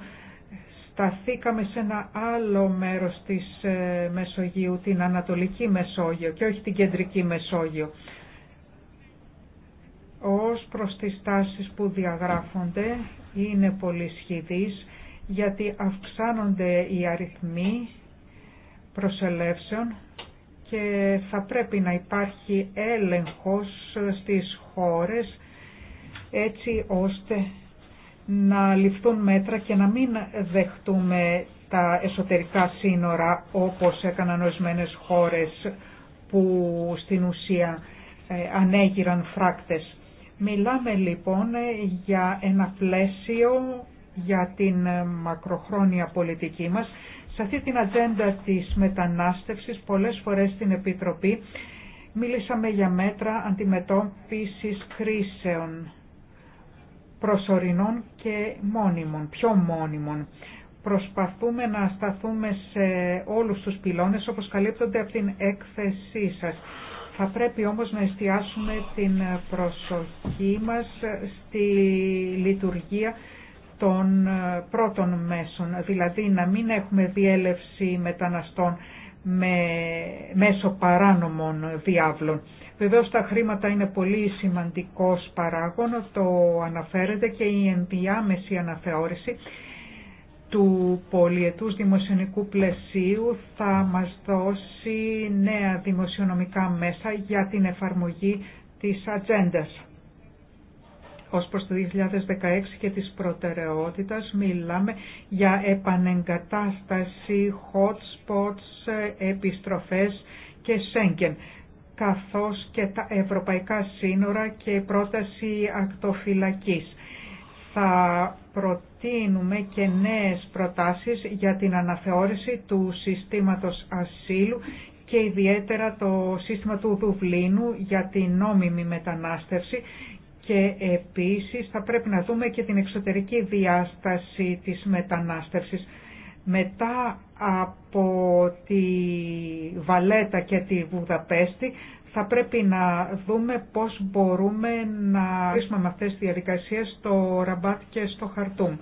σταθήκαμε σε ένα άλλο μέρος της ε, Μεσογείου, την Ανατολική Μεσόγειο και όχι την Κεντρική Μεσόγειο. Ως προς τις τάσεις που διαγράφονται είναι πολύ σχηδής γιατί αυξάνονται οι αριθμοί προσελεύσεων και θα πρέπει να υπάρχει έλεγχος στις χώρες έτσι ώστε να ληφθούν μέτρα και να μην δεχτούμε τα εσωτερικά σύνορα όπως έκαναν ορισμένε χώρες που στην ουσία ε, ανέγυραν φράκτες. Μιλάμε λοιπόν ε, για ένα πλαίσιο για την ε, μακροχρόνια πολιτική μας. Σε αυτή την ατζέντα της μετανάστευσης πολλές φορές στην Επιτροπή μίλησαμε για μέτρα αντιμετώπισης κρίσεων προσωρινών και μόνιμων, πιο μόνιμων. Προσπαθούμε να σταθούμε σε όλους τους πυλώνες όπως καλύπτονται από την έκθεσή σας. Θα πρέπει όμως να εστιάσουμε την προσοχή μας στη λειτουργία των πρώτων μέσων, δηλαδή να μην έχουμε διέλευση μεταναστών με μέσω παράνομων διάβλων. Βεβαίως τα χρήματα είναι πολύ σημαντικός παράγων, το αναφέρεται και η ενδιάμεση αναθεώρηση του πολιετούς δημοσιονομικού πλαισίου θα μας δώσει νέα δημοσιονομικά μέσα για την εφαρμογή της ατζέντα. Ως προς το 2016 και τις προτεραιότητας μιλάμε για επανεγκατάσταση, hot spots, επιστροφές και σέγγεν καθώς και τα ευρωπαϊκά σύνορα και πρόταση ακτοφυλακής. Θα προτείνουμε και νέες προτάσεις για την αναθεώρηση του συστήματος ασύλου και ιδιαίτερα το σύστημα του Δουβλίνου για την νόμιμη μετανάστευση και επίσης θα πρέπει να δούμε και την εξωτερική διάσταση της μετανάστευσης μετά από τη Βαλέτα και τη Βουδαπέστη θα πρέπει να δούμε πώς μπορούμε να βρίσκουμε με αυτές τις διαδικασίες στο Ραμπάτ και στο Χαρτούμ.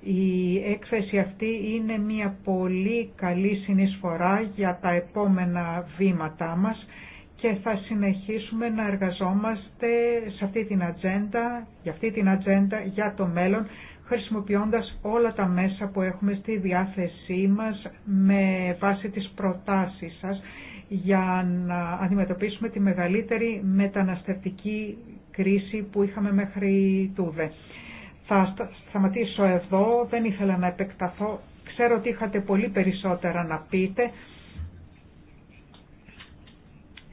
Η έκθεση αυτή είναι μια πολύ καλή συνεισφορά για τα επόμενα βήματά μας και θα συνεχίσουμε να εργαζόμαστε σε αυτή την ατζέντα, για αυτή την ατζέντα για το μέλλον χρησιμοποιώντας όλα τα μέσα που έχουμε στη διάθεσή μας με βάση τις προτάσεις σας για να αντιμετωπίσουμε τη μεγαλύτερη μεταναστευτική κρίση που είχαμε μέχρι τούδε. Θα σταματήσω εδώ, δεν ήθελα να επεκταθώ. Ξέρω ότι είχατε πολύ περισσότερα να πείτε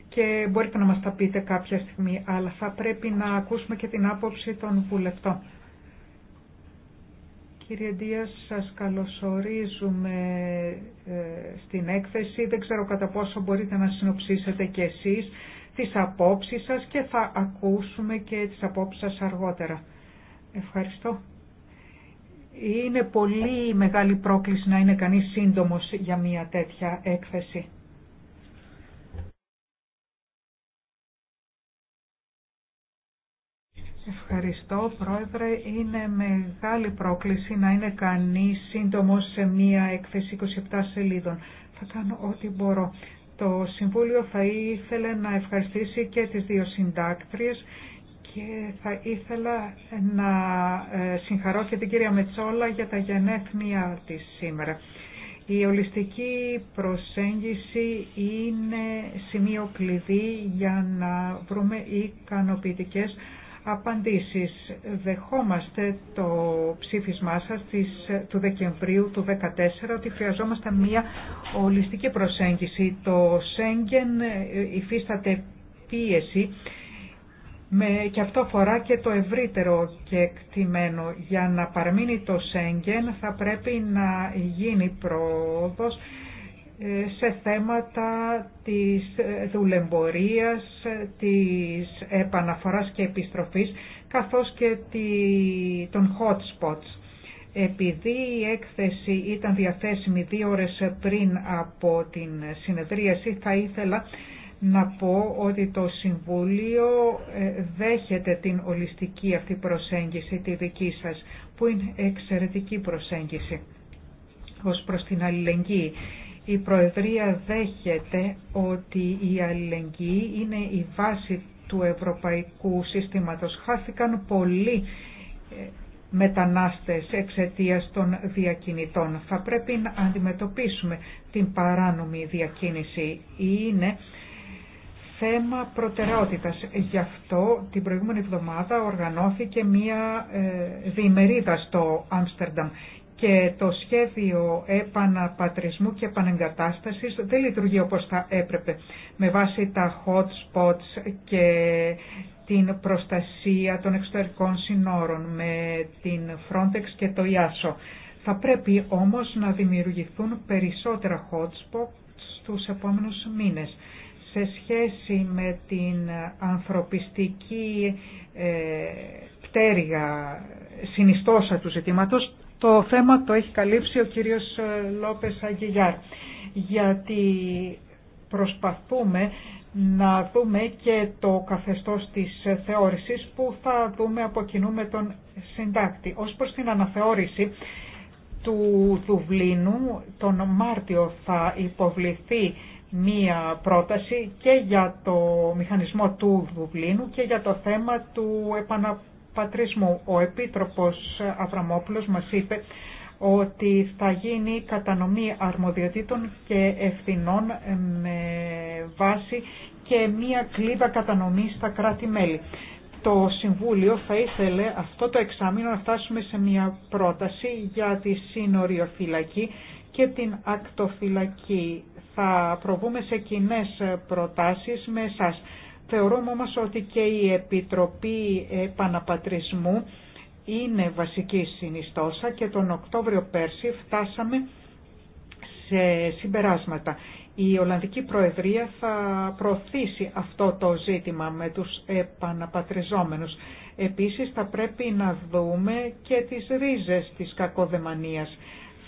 και μπορείτε να μας τα πείτε κάποια στιγμή, αλλά θα πρέπει να ακούσουμε και την άποψη των βουλευτών. Κύριε Ντία, σας καλωσορίζουμε ε, στην έκθεση. Δεν ξέρω κατά πόσο μπορείτε να συνοψίσετε κι εσείς τις απόψεις σας και θα ακούσουμε και τις απόψεις σας αργότερα. Ευχαριστώ. Είναι πολύ μεγάλη πρόκληση να είναι κανείς σύντομος για μια τέτοια έκθεση. Ευχαριστώ, Πρόεδρε. Είναι μεγάλη πρόκληση να είναι κανείς σύντομο σε μία έκθεση 27 σελίδων. Θα κάνω ό,τι μπορώ. Το Συμβούλιο θα ήθελε να ευχαριστήσει και τις δύο συντάκτριες και θα ήθελα να ε, συγχαρώ και την κυρία Μετσόλα για τα γενέθλια της σήμερα. Η ολιστική προσέγγιση είναι σημείο κλειδί για να βρούμε ικανοποιητικές απαντήσεις. Δεχόμαστε το ψήφισμά σας της, του Δεκεμβρίου του 2014 ότι χρειαζόμαστε μια ολιστική προσέγγιση. Το Σέγγεν ε, υφίσταται πίεση με, και αυτό αφορά και το ευρύτερο και εκτιμένο. Για να παραμείνει το Σέγγεν θα πρέπει να γίνει πρόοδος σε θέματα της ε, δουλεμπορίας, της επαναφοράς και επιστροφής, καθώς και των hot spots. Επειδή η έκθεση ήταν διαθέσιμη δύο ώρες πριν από την συνεδρίαση, θα ήθελα να πω ότι το Συμβούλιο ε, δέχεται την ολιστική αυτή προσέγγιση, τη δική σας, που είναι εξαιρετική προσέγγιση ως προς την αλληλεγγύη. Η Προεδρία δέχεται ότι η αλληλεγγύη είναι η βάση του ευρωπαϊκού συστήματος. Χάθηκαν πολλοί ε, μετανάστες εξαιτίας των διακινητών. Θα πρέπει να αντιμετωπίσουμε την παράνομη διακίνηση. Είναι θέμα προτεραιότητας. Γι' αυτό την προηγούμενη εβδομάδα οργανώθηκε μία ε, διημερίδα στο Άμστερνταμ και το σχέδιο επαναπατρισμού και επανεγκατάστασης δεν λειτουργεί όπως θα έπρεπε με βάση τα hot spots και την προστασία των εξωτερικών συνόρων με την Frontex και το IASO. Θα πρέπει όμως να δημιουργηθούν περισσότερα hot spots στους επόμενους μήνες σε σχέση με την ανθρωπιστική ε, πτέρυγα συνιστόσα του ζητήματος το θέμα το έχει καλύψει ο κύριος ε, Λόπες Αγγιγιάρ, γιατί προσπαθούμε να δούμε και το καθεστώς της θεώρησης που θα δούμε από κοινού με τον συντάκτη. Ως προς την αναθεώρηση του Δουβλίνου, τον Μάρτιο θα υποβληθεί μία πρόταση και για το μηχανισμό του Δουβλίνου και για το θέμα του επανα ο Επίτροπος Αβραμόπουλος μας είπε ότι θα γίνει κατανομή αρμοδιοτήτων και ευθυνών με βάση και μία κλίδα κατανομή στα κράτη-μέλη. Το Συμβούλιο θα ήθελε αυτό το εξάμεινο να φτάσουμε σε μία πρόταση για τη σύνοριοφυλακή και την ακτοφυλακή. Θα προβούμε σε κοινέ προτάσεις με εσάς. Θεωρούμε όμως ότι και η Επιτροπή Παναπατρισμού είναι βασική συνιστόσα και τον Οκτώβριο πέρσι φτάσαμε σε συμπεράσματα. Η Ολλανδική Προεδρία θα προωθήσει αυτό το ζήτημα με τους επαναπατριζόμενους. Επίσης θα πρέπει να δούμε και τις ρίζες της κακοδεμανίας.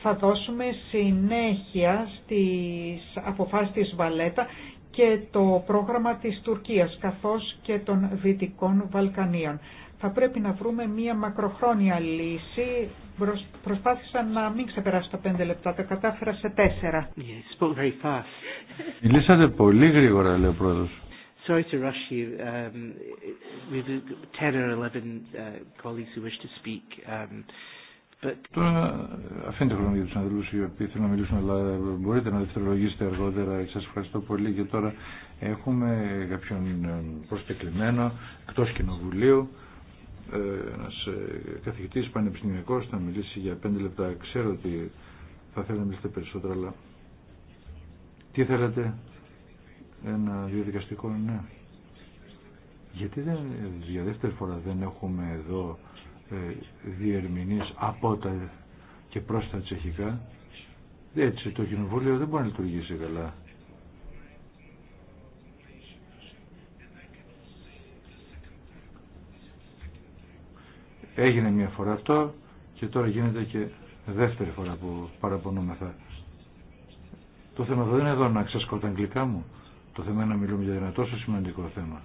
Θα δώσουμε συνέχεια στις αποφάσεις της Βαλέτα και το πρόγραμμα της Τουρκίας καθώς και των Δυτικών Βαλκανίων. Θα πρέπει να βρούμε μία μακροχρόνια λύση. Προσπάθησα να μην ξεπεράσω τα πέντε λεπτά, τα κατάφερα σε τέσσερα. Yeah, spoke very fast. Μιλήσατε πολύ γρήγορα, λέει ο πρόεδρος. Sorry to rush you. Um, we've 10 or 11 uh, colleagues who wish to speak. Um, Τώρα αφήνετε χρόνο για τους αδελούς οι οποίοι θέλουν να μιλήσουν, αλλά μπορείτε να δευτερολογήσετε αργότερα. Σας ευχαριστώ πολύ και τώρα έχουμε κάποιον ε, προσκεκλημένο εκτός κοινοβουλίου ε, ένας ε, καθηγητής πανεπιστημιακός θα μιλήσει για πέντε λεπτά. Ξέρω ότι θα θέλετε να μιλήσετε περισσότερα, αλλά τι θέλετε, ένα διαδικαστικό, ναι. Γιατί για δεύτερη φορά δεν έχουμε εδώ ε, διερμηνείς από τα και προς τα τσεχικά έτσι το κοινοβούλιο δεν μπορεί να λειτουργήσει καλά έγινε μια φορά αυτό και τώρα γίνεται και δεύτερη φορά που παραπονούμεθα το θέμα δεν είναι εδώ να ξέσκω τα αγγλικά μου το θέμα είναι να μιλούμε για ένα τόσο σημαντικό θέμα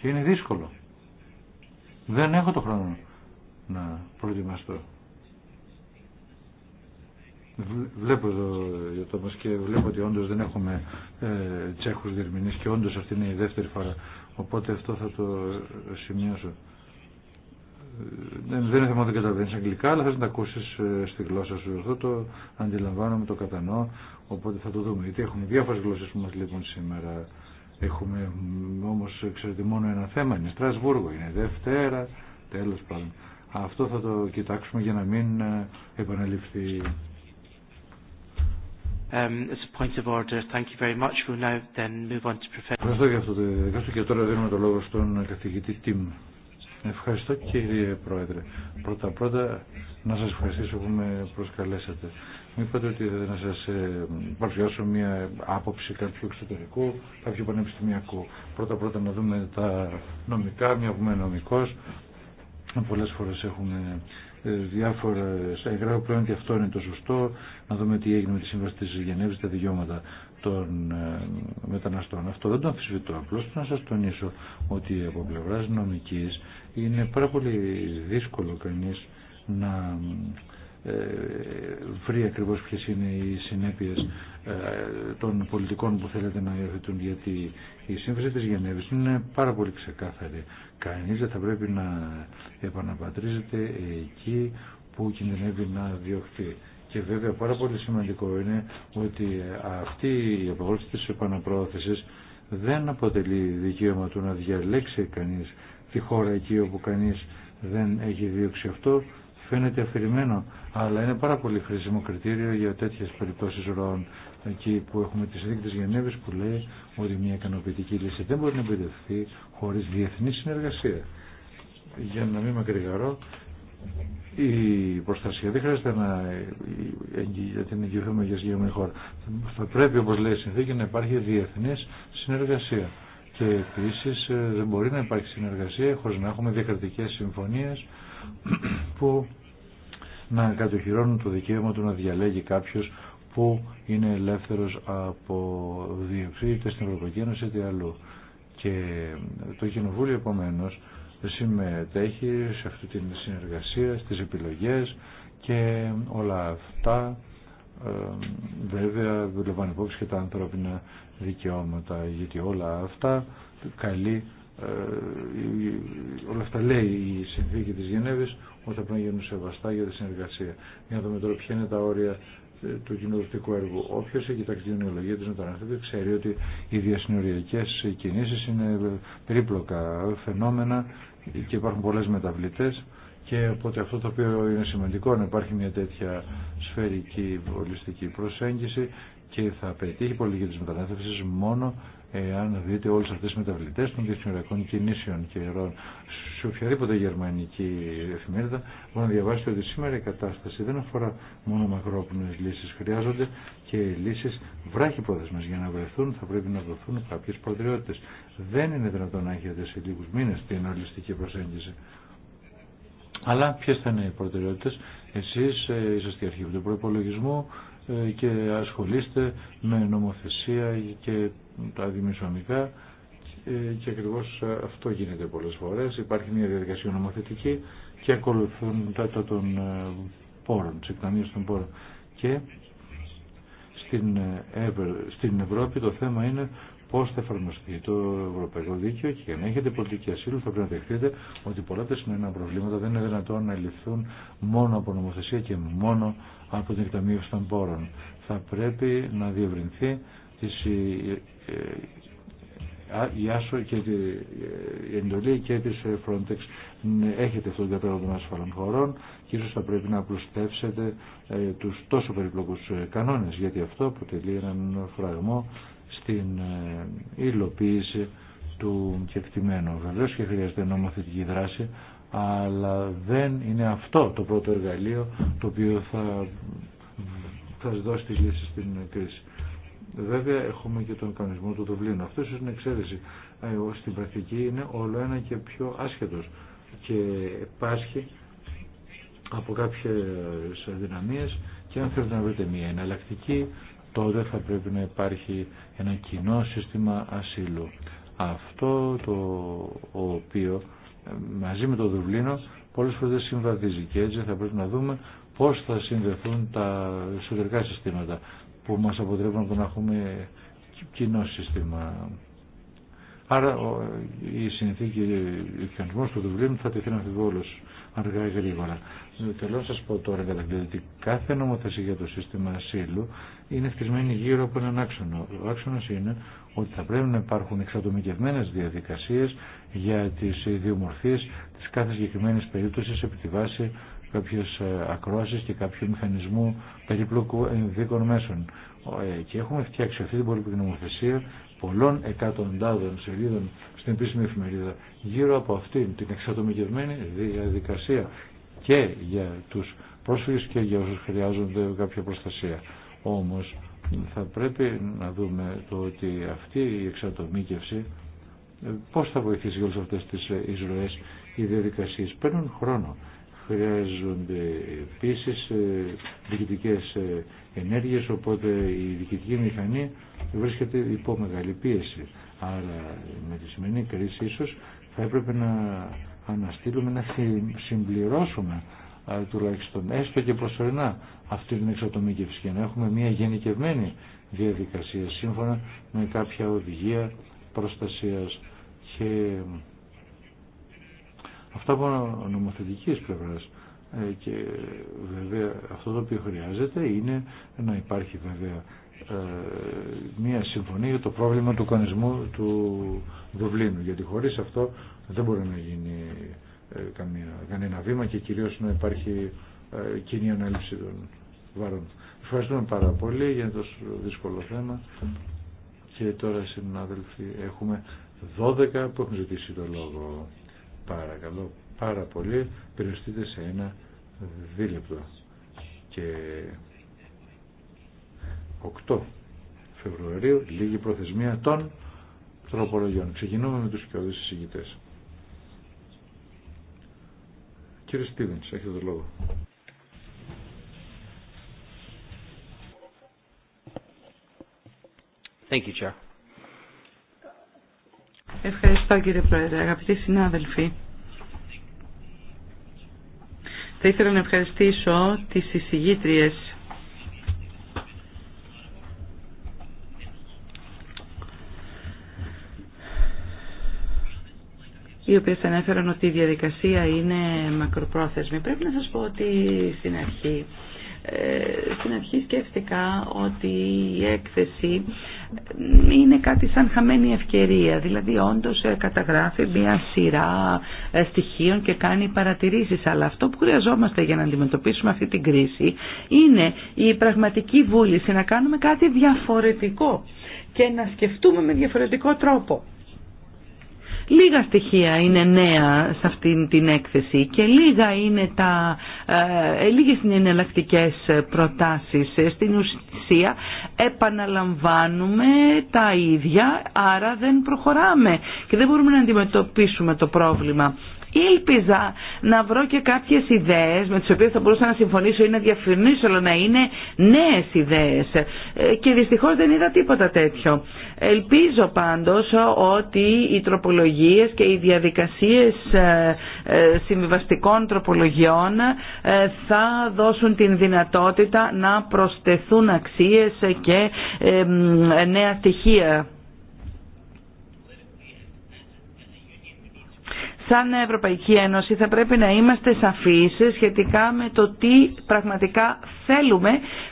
και είναι δύσκολο δεν έχω το χρόνο να προετοιμαστώ. Βλέπω εδώ το μας και βλέπω ότι όντως δεν έχουμε ε, τσέχους διερμηνείς και όντως αυτή είναι η δεύτερη φορά. Οπότε αυτό θα το σημειώσω. Ε, δεν, είναι θέμα να δεν καταλαβαίνεις αγγλικά, αλλά θες να τα ακούσεις ε, στη γλώσσα σου. Αυτό το αντιλαμβάνομαι, το κατανοώ, οπότε θα το δούμε. Γιατί έχουμε διάφορες γλώσσες που μας λείπουν σήμερα. Έχουμε όμως, ξέρετε, μόνο ένα θέμα. Είναι Στρασβούργο, είναι Δευτέρα, τέλος πάντων. Αυτό θα το κοιτάξουμε για να μην επαναληφθεί. Ευχαριστώ για αυτό το ευχαριστώ και τώρα δίνουμε το λόγο στον καθηγητή Τιμ. Ευχαριστώ κύριε Πρόεδρε. Πρώτα πρώτα να σας ευχαριστήσω που με προσκαλέσατε. Μην είπατε ότι θα σας ε, παρουσιάσω μια άποψη κάποιου εξωτερικού, κάποιου πανεπιστημιακού. Πρώτα πρώτα να δούμε τα νομικά, μια που είμαι νομικός, Πολλές φορές έχουμε ε, διάφορα που λένε ότι αυτό είναι το σωστό. Να δούμε τι έγινε με τη σύμβαση της Γενέβης, τα δικαιώματα των ε, μεταναστών. Αυτό δεν το αμφισβητώ. Απλώς να σας τονίσω ότι από πλευράς νομικής είναι πάρα πολύ δύσκολο κανείς να ε, βρει ακριβώς ποιες είναι οι συνέπειες ε, των πολιτικών που θέλετε να υιοθετούν γιατί η σύμφωση της Γενέβης είναι πάρα πολύ ξεκάθαρη. Κανείς δεν θα πρέπει να επαναπατρίζεται εκεί που κινδυνεύει να διωχθεί. Και βέβαια πάρα πολύ σημαντικό είναι ότι αυτή η απαγόρευση της επαναπρόθεσης δεν αποτελεί δικαίωμα του να διαλέξει κανείς τη χώρα εκεί όπου κανείς δεν έχει δίωξει αυτό φαίνεται αφηρημένο, αλλά είναι πάρα πολύ χρήσιμο κριτήριο για τέτοιες περιπτώσεις ροών. Εκεί που έχουμε τη συνθήκη της Γενέβης που λέει ότι μια ικανοποιητική λύση δεν μπορεί να επιτευχθεί χωρίς διεθνή συνεργασία. Για να μην μακρηγορώ, η προστασία δεν χρειάζεται να την εγγυηθούμε για συγκεκριμένη χώρα. Θα πρέπει, όπως λέει η συνθήκη, να υπάρχει διεθνή συνεργασία. Και επίσης ε, δεν μπορεί να υπάρχει συνεργασία χωρίς να έχουμε διακρατικές συμφωνίες που να κατοχυρώνουν το δικαίωμα του να διαλέγει κάποιος που είναι ελεύθερος από διοξύ είτε στην Ευρωπαϊκή Ένωση είτε αλλού. Και το Κοινοβούλιο επομένω συμμετέχει σε αυτή την συνεργασία, στις επιλογές και όλα αυτά βέβαια λαμβάνει υπόψη και τα ανθρώπινα δικαιώματα γιατί όλα αυτά καλεί ε, όλα αυτά λέει η συνθήκη της Γενέβης όταν πρέπει να γίνουν σεβαστά για τη συνεργασία. Για να δούμε τώρα ποια είναι τα όρια ε, του κοινοδοτικού έργου. Όποιο έχει κοιτάξει την ολογία τη μεταναστευση, ξέρει ότι οι διασυνοριακέ κινήσει είναι περίπλοκα φαινόμενα και υπάρχουν πολλέ μεταβλητέ. Και οπότε αυτό το οποίο είναι σημαντικό να υπάρχει μια τέτοια σφαιρική ολιστική προσέγγιση και θα πετύχει η πολιτική τη μεταναστευση μόνο αν δείτε όλες αυτές τις μεταβλητές των διεθνωριακών κινήσεων και ερών σε οποιαδήποτε γερμανική εφημερίδα μπορεί να διαβάσετε ότι σήμερα η κατάσταση δεν αφορά μόνο μακρόπινες λύσεις χρειάζονται και λύσεις βράχοι πρόθεσμες για να βρεθούν θα πρέπει να δοθούν κάποιες προτεραιότητες δεν είναι δυνατόν να έχετε σε λίγους μήνες την ολιστική προσέγγιση αλλά ποιε θα είναι οι προτεραιότητε, εσεί ε, είσαστε η αρχή του προπολογισμού, ε, και ασχολείστε με νομοθεσία και τα δημισιονομικά ε, και ακριβώ αυτό γίνεται πολλές φορές. Υπάρχει μια διαδικασία νομοθετική και ακολουθούν τα των ε, πόρων, της εκταμίας των πόρων. Και στην, στην Ευρώπη το θέμα είναι πώ θα εφαρμοστεί το ευρωπαϊκό δίκαιο και για να έχετε πολιτική ασύλου θα πρέπει να δεχτείτε ότι πολλά τα προβλήματα δεν είναι δυνατόν να λυθούν μόνο από νομοθεσία και μόνο από την εκταμείωση των πόρων. Θα πρέπει να διευρυνθεί ε, ε, η Άσο και τη, ε, η εντολή και της Frontex ναι, έχετε αυτόν τον κατάλογο των ασφαλών χωρών και ίσως θα πρέπει να απλουστεύσετε τους τόσο περιπλοκούς κανόνες γιατί αυτό αποτελεί έναν φραγμό στην υλοποίηση του κεκτημένου. Βεβαίως και χρειάζεται νομοθετική δράση αλλά δεν είναι αυτό το πρώτο εργαλείο το οποίο θα, θα δώσει τις λύσεις στην κρίση. Βέβαια έχουμε και τον κανονισμό του Δουβλίνου. Αυτό είναι εξαίρεση. Ε, στην πρακτική είναι όλο ένα και πιο άσχετος και πάσχει από κάποιες αδυναμίες και αν θέλετε να βρείτε μια εναλλακτική τότε θα πρέπει να υπάρχει ένα κοινό σύστημα ασύλου. Αυτό το οποίο μαζί με το Δουβλίνο πολλές φορές συμβαδίζει και έτσι θα πρέπει να δούμε πώς θα συνδεθούν τα εσωτερικά συστήματα που μας αποτρέπουν από να έχουμε κοινό σύστημα. Άρα η συνθήκη ο κοινωνισμός του Δουβλίνου θα τεθεί να αμφιβόλως αργά ή γρήγορα. Θέλω να σας πω τώρα κατακλείδη ότι κάθε νομοθεσία για το σύστημα ασύλου είναι χτισμένη γύρω από έναν άξονα. Ο άξονα είναι ότι θα πρέπει να υπάρχουν εξατομικευμένε διαδικασίε για τι ιδιομορφίε τη κάθε συγκεκριμένη περίπτωση επί τη βάση κάποιε ε, ακρόσει και κάποιου μηχανισμού περιπλοκού ενδίκων μέσων. Ε, και έχουμε φτιάξει αυτή την πολύπλοκη νομοθεσία πολλών εκατοντάδων σελίδων στην επίσημη εφημερίδα γύρω από αυτήν την εξατομικευμένη διαδικασία και για τους πρόσφυγες και για όσους χρειάζονται κάποια προστασία. Όμως θα πρέπει να δούμε το ότι αυτή η εξατομίκευση ε, πώς θα βοηθήσει όλες αυτές τις εισρωές οι διαδικασίες. Παίρνουν χρόνο. Χρειάζονται επίση ε, διοικητικές ε, ενέργειες, οπότε η διοικητική μηχανή βρίσκεται υπό μεγάλη πίεση. Άρα με τη σημερινή κρίση ίσως θα έπρεπε να αναστείλουμε, να συμπληρώσουμε τουλάχιστον έστω και προσωρινά αυτή την εξατομίκευση και να έχουμε μια γενικευμένη διαδικασία σύμφωνα με κάποια οδηγία προστασίας και αυτά από νομοθετικής πλευράς ε, και βέβαια αυτό το οποίο χρειάζεται είναι να υπάρχει βέβαια ε, μια συμφωνία για το πρόβλημα του κανονισμού του Δουβλίνου γιατί χωρίς αυτό δεν μπορεί να γίνει ε, καμία, κανένα βήμα και κυρίως να υπάρχει ε, κοινή ανάληψη των βαρών. Ευχαριστούμε πάρα πολύ για το δύσκολο θέμα και τώρα συνάδελφοι έχουμε 12 που έχουν ζητήσει το λόγο. Παρακαλώ πάρα πολύ, περιοριστείτε σε ένα δίλεπτο και 8 Φεβρουαρίου λίγη προθεσμία των τροπολογιών. Ξεκινούμε με τους πιο συζητητές. Κύριε Στίβενς, έχετε το λόγο. Thank you, Ευχαριστώ κύριε Πρόεδρε, αγαπητοί συνάδελφοι. Θα ήθελα να ευχαριστήσω τις εισηγήτριες οι οποίες ανέφεραν ότι η διαδικασία είναι μακροπρόθεσμη. Πρέπει να σας πω ότι στην αρχή ε, στην σκέφτηκα ότι η έκθεση ε, είναι κάτι σαν χαμένη ευκαιρία. Δηλαδή όντως ε, καταγράφει μια σειρά στοιχείων και κάνει παρατηρήσεις. Αλλά αυτό που χρειαζόμαστε για να αντιμετωπίσουμε αυτή την κρίση είναι η πραγματική βούληση να κάνουμε κάτι διαφορετικό και να σκεφτούμε με διαφορετικό τρόπο. Λίγα στοιχεία είναι νέα σε αυτήν την έκθεση και λίγα είναι τα, ε, ε λίγες είναι εναλλακτικές προτάσεις. Στην ουσία επαναλαμβάνουμε τα ίδια, άρα δεν προχωράμε και δεν μπορούμε να αντιμετωπίσουμε το πρόβλημα ήλπιζα να βρω και κάποιες ιδέες με τις οποίες θα μπορούσα να συμφωνήσω ή να διαφωνήσω, αλλά να είναι νέες ιδέες. Ε, και δυστυχώς δεν είδα τίποτα τέτοιο. Ελπίζω πάντως ότι οι τροπολογίες και οι διαδικασίες ε, ε, συμβιβαστικών τροπολογιών θα δώσουν την δυνατότητα να προσθεθούν αξίες και νέα στοιχεία σαν Ευρωπαϊκή Ένωση θα πρέπει να είμαστε σαφείς σχετικά με το τι πραγματικά θέλουμε,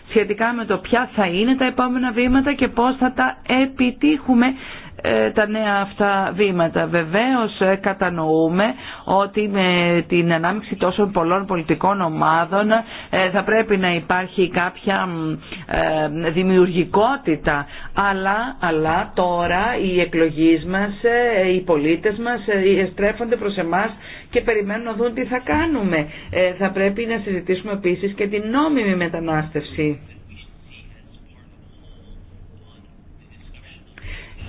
σχετικά με το ποια θα είναι τα επόμενα βήματα και πώς θα τα επιτύχουμε ε, τα νέα αυτά βήματα. Βεβαίως ε, κατανοούμε ότι με την ανάμειξη τόσων πολλών πολιτικών ομάδων ε, θα πρέπει να υπάρχει κάποια δημιουργικότητα. Αλλά, αλλά τώρα οι εκλογείς μας, οι πολίτες μας στρέφονται προς εμάς και περιμένουν να δουν τι θα κάνουμε. Θα πρέπει να συζητήσουμε επίσης και την νόμιμη μετανάστευση.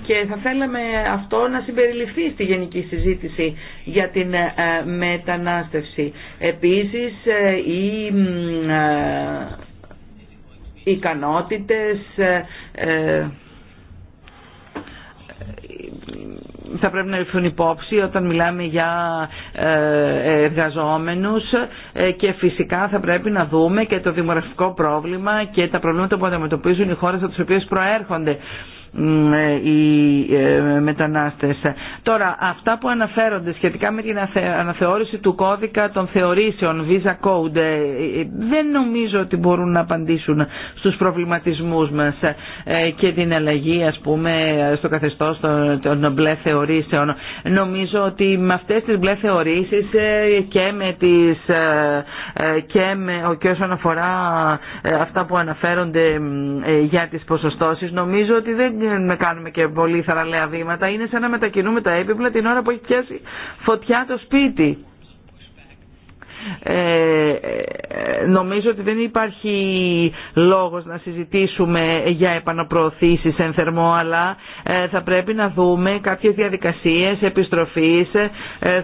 και θα θέλαμε αυτό να συμπεριληφθεί στη γενική συζήτηση για την ε, μετανάστευση. Επίσης, ε, οι ε, ικανότητες θα πρέπει να ληφθούν υπόψη όταν μιλάμε για εργαζόμενους και φυσικά θα πρέπει να δούμε και το δημογραφικό πρόβλημα και τα προβλήματα που αντιμετωπίζουν οι χώρες από τις οποίες προέρχονται. Ε, οι ε, μετανάστες. Τώρα, αυτά που αναφέρονται σχετικά με την αναθεώρηση του κώδικα των θεωρήσεων Visa Code ε, δεν νομίζω ότι μπορούν να απαντήσουν στους προβληματισμούς μας και την αλλαγή ας πούμε στο καθεστώς των μπλε θεωρήσεων. Νομίζω ότι με αυτές τις μπλε θεωρήσεις και με τις και, με, όσον αφορά αυτά που αναφέρονται για τις ποσοστώσεις νομίζω ότι δεν να κάνουμε και πολύ θαραλέα βήματα. Είναι σαν να μετακινούμε τα έπιπλα την ώρα που έχει πιάσει φωτιά το σπίτι. Ε, ε, νομίζω ότι δεν υπάρχει λόγος να συζητήσουμε για επαναπροωθήσεις εν θερμό, αλλά ε, θα πρέπει να δούμε κάποιες διαδικασίες επιστροφής,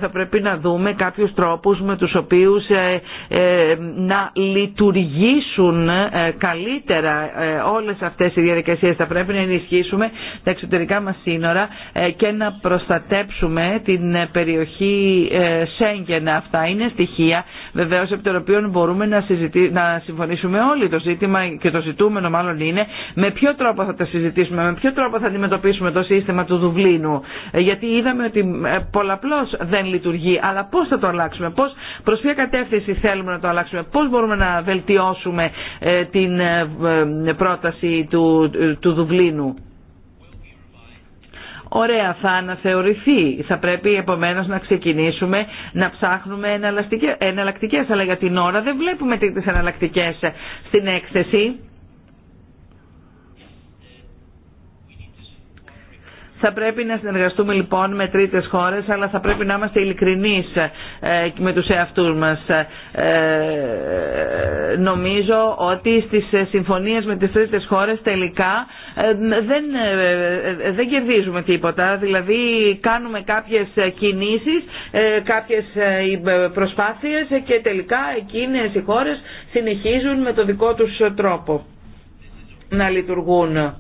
θα πρέπει να δούμε κάποιους τρόπους με τους οποίους να λειτουργήσουν καλύτερα όλες αυτές οι διαδικασίες. Θα πρέπει να ενισχύσουμε τα εξωτερικά μας σύνορα και να προστατέψουμε την περιοχή Σέγγεν. Αυτά είναι στοιχεία Βεβαίω, επί των οποίων μπορούμε να, συζητή, να συμφωνήσουμε όλοι το ζήτημα και το ζητούμενο μάλλον είναι με ποιο τρόπο θα τα συζητήσουμε, με ποιο τρόπο θα αντιμετωπίσουμε το σύστημα του Δουβλίνου. Ε, γιατί είδαμε ότι ε, πολλαπλώ δεν λειτουργεί, αλλά πώς θα το αλλάξουμε, πώς, προς ποια κατεύθυνση θέλουμε να το αλλάξουμε, πώ μπορούμε να βελτιώσουμε ε, την πρόταση του, του Δουβλίνου. Ωραία, θα αναθεωρηθεί. Θα πρέπει επομένως να ξεκινήσουμε να ψάχνουμε εναλλακτικές, αλλά για την ώρα δεν βλέπουμε τις εναλλακτικές στην έκθεση. Θα πρέπει να συνεργαστούμε λοιπόν με τρίτες χώρες, αλλά θα πρέπει να είμαστε ειλικρινείς ε, με τους εαυτούς μας. Ε, νομίζω ότι στις συμφωνίες με τις τρίτες χώρες τελικά ε, δεν, δεν κερδίζουμε τίποτα. Δηλαδή κάνουμε κάποιες κινήσεις, κάποιες προσπάθειες και τελικά εκείνες οι χώρες συνεχίζουν με το δικό τους τρόπο να λειτουργούν.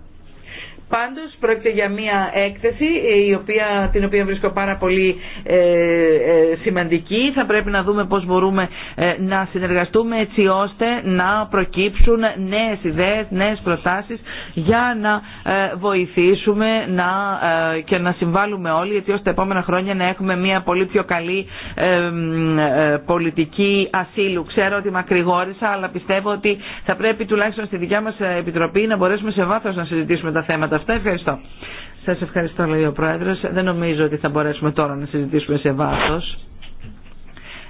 Πάντως πρόκειται για μια έκθεση ε, η οποία, την οποία βρίσκω πάρα πολύ ε, ε, σημαντική. Θα πρέπει να δούμε πώς μπορούμε να συνεργαστούμε έτσι ώστε να προκύψουν νέες ιδέες, νέες προτάσεις για να βοηθήσουμε να, και να συμβάλλουμε όλοι γιατί ώστε τα επόμενα χρόνια να έχουμε μια πολύ πιο καλή πολιτική ασύλου. Ξέρω ότι μακρηγόρησα αλλά πιστεύω ότι θα πρέπει τουλάχιστον στη δικιά μας Επιτροπή να μπορέσουμε σε βάθος να συζητήσουμε τα θέματα Ευχαριστώ. Σα ευχαριστώ, λέει ο Πρόεδρο. Δεν νομίζω ότι θα μπορέσουμε τώρα να συζητήσουμε σε βάθο.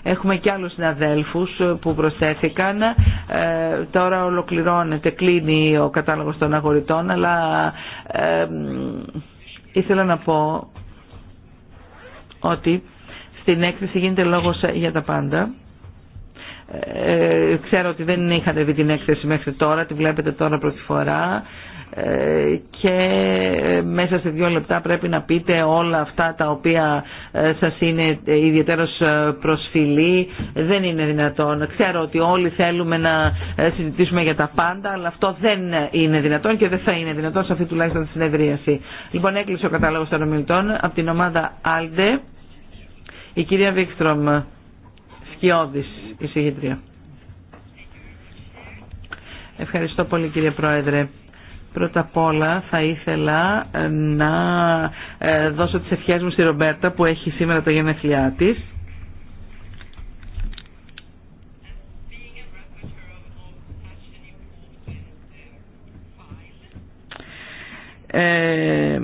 Έχουμε και άλλους συναδέλφους που προσθέθηκαν. Ε, τώρα ολοκληρώνεται, κλείνει ο κατάλογος των αγοριτών, αλλά ε, ήθελα να πω ότι στην έκθεση γίνεται λόγος για τα πάντα. Ε, ξέρω ότι δεν είχατε δει την έκθεση μέχρι τώρα, τη βλέπετε τώρα πρώτη φορά. Ε, και ε, μέσα σε δύο λεπτά πρέπει να πείτε όλα αυτά τα οποία ε, σας είναι ιδιαίτερος προσφυλή δεν είναι δυνατόν ξέρω ότι όλοι θέλουμε να συζητήσουμε για τα πάντα αλλά αυτό δεν είναι δυνατόν και δεν θα είναι δυνατόν σε αυτή τουλάχιστον τη συνεδρίαση λοιπόν έκλεισε ο κατάλογος των ομιλητών από την ομάδα ALDE η κυρία Βίξτρομ Σκιώδης η Ευχαριστώ πολύ κύριε Πρόεδρε Πρώτα απ' όλα θα ήθελα ε, να ε, δώσω τις ευχές μου στη Ρομπέρτα που έχει σήμερα τα γενέθλιά της. Ε,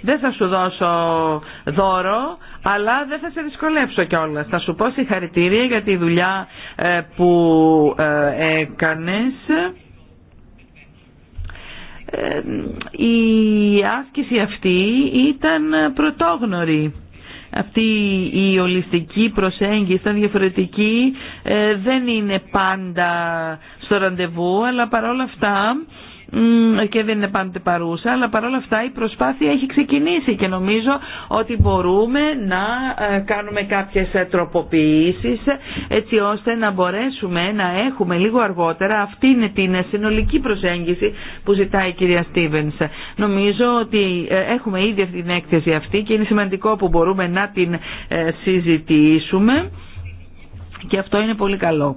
δεν θα σου δώσω δώρο, αλλά δεν θα σε δυσκολέψω κιόλα. Θα σου πω συγχαρητήρια για τη δουλειά ε, που ε, έκανες. Ε, η άσκηση αυτή ήταν πρωτόγνωρη. Αυτή η ολιστική προσέγγιση ήταν διαφορετική, δεν είναι πάντα στο ραντεβού, αλλά παρόλα αυτά και δεν είναι πάντοτε παρούσα, αλλά παρόλα αυτά η προσπάθεια έχει ξεκινήσει και νομίζω ότι μπορούμε να ε, κάνουμε κάποιες ε, τροποποιήσεις ε, έτσι ώστε να μπορέσουμε να έχουμε λίγο αργότερα αυτή είναι την συνολική προσέγγιση που ζητάει η κυρία Στίβενς. Νομίζω ότι έχουμε ήδη αυτή την έκθεση αυτή και είναι σημαντικό που μπορούμε να την συζητήσουμε και αυτό είναι πολύ καλό.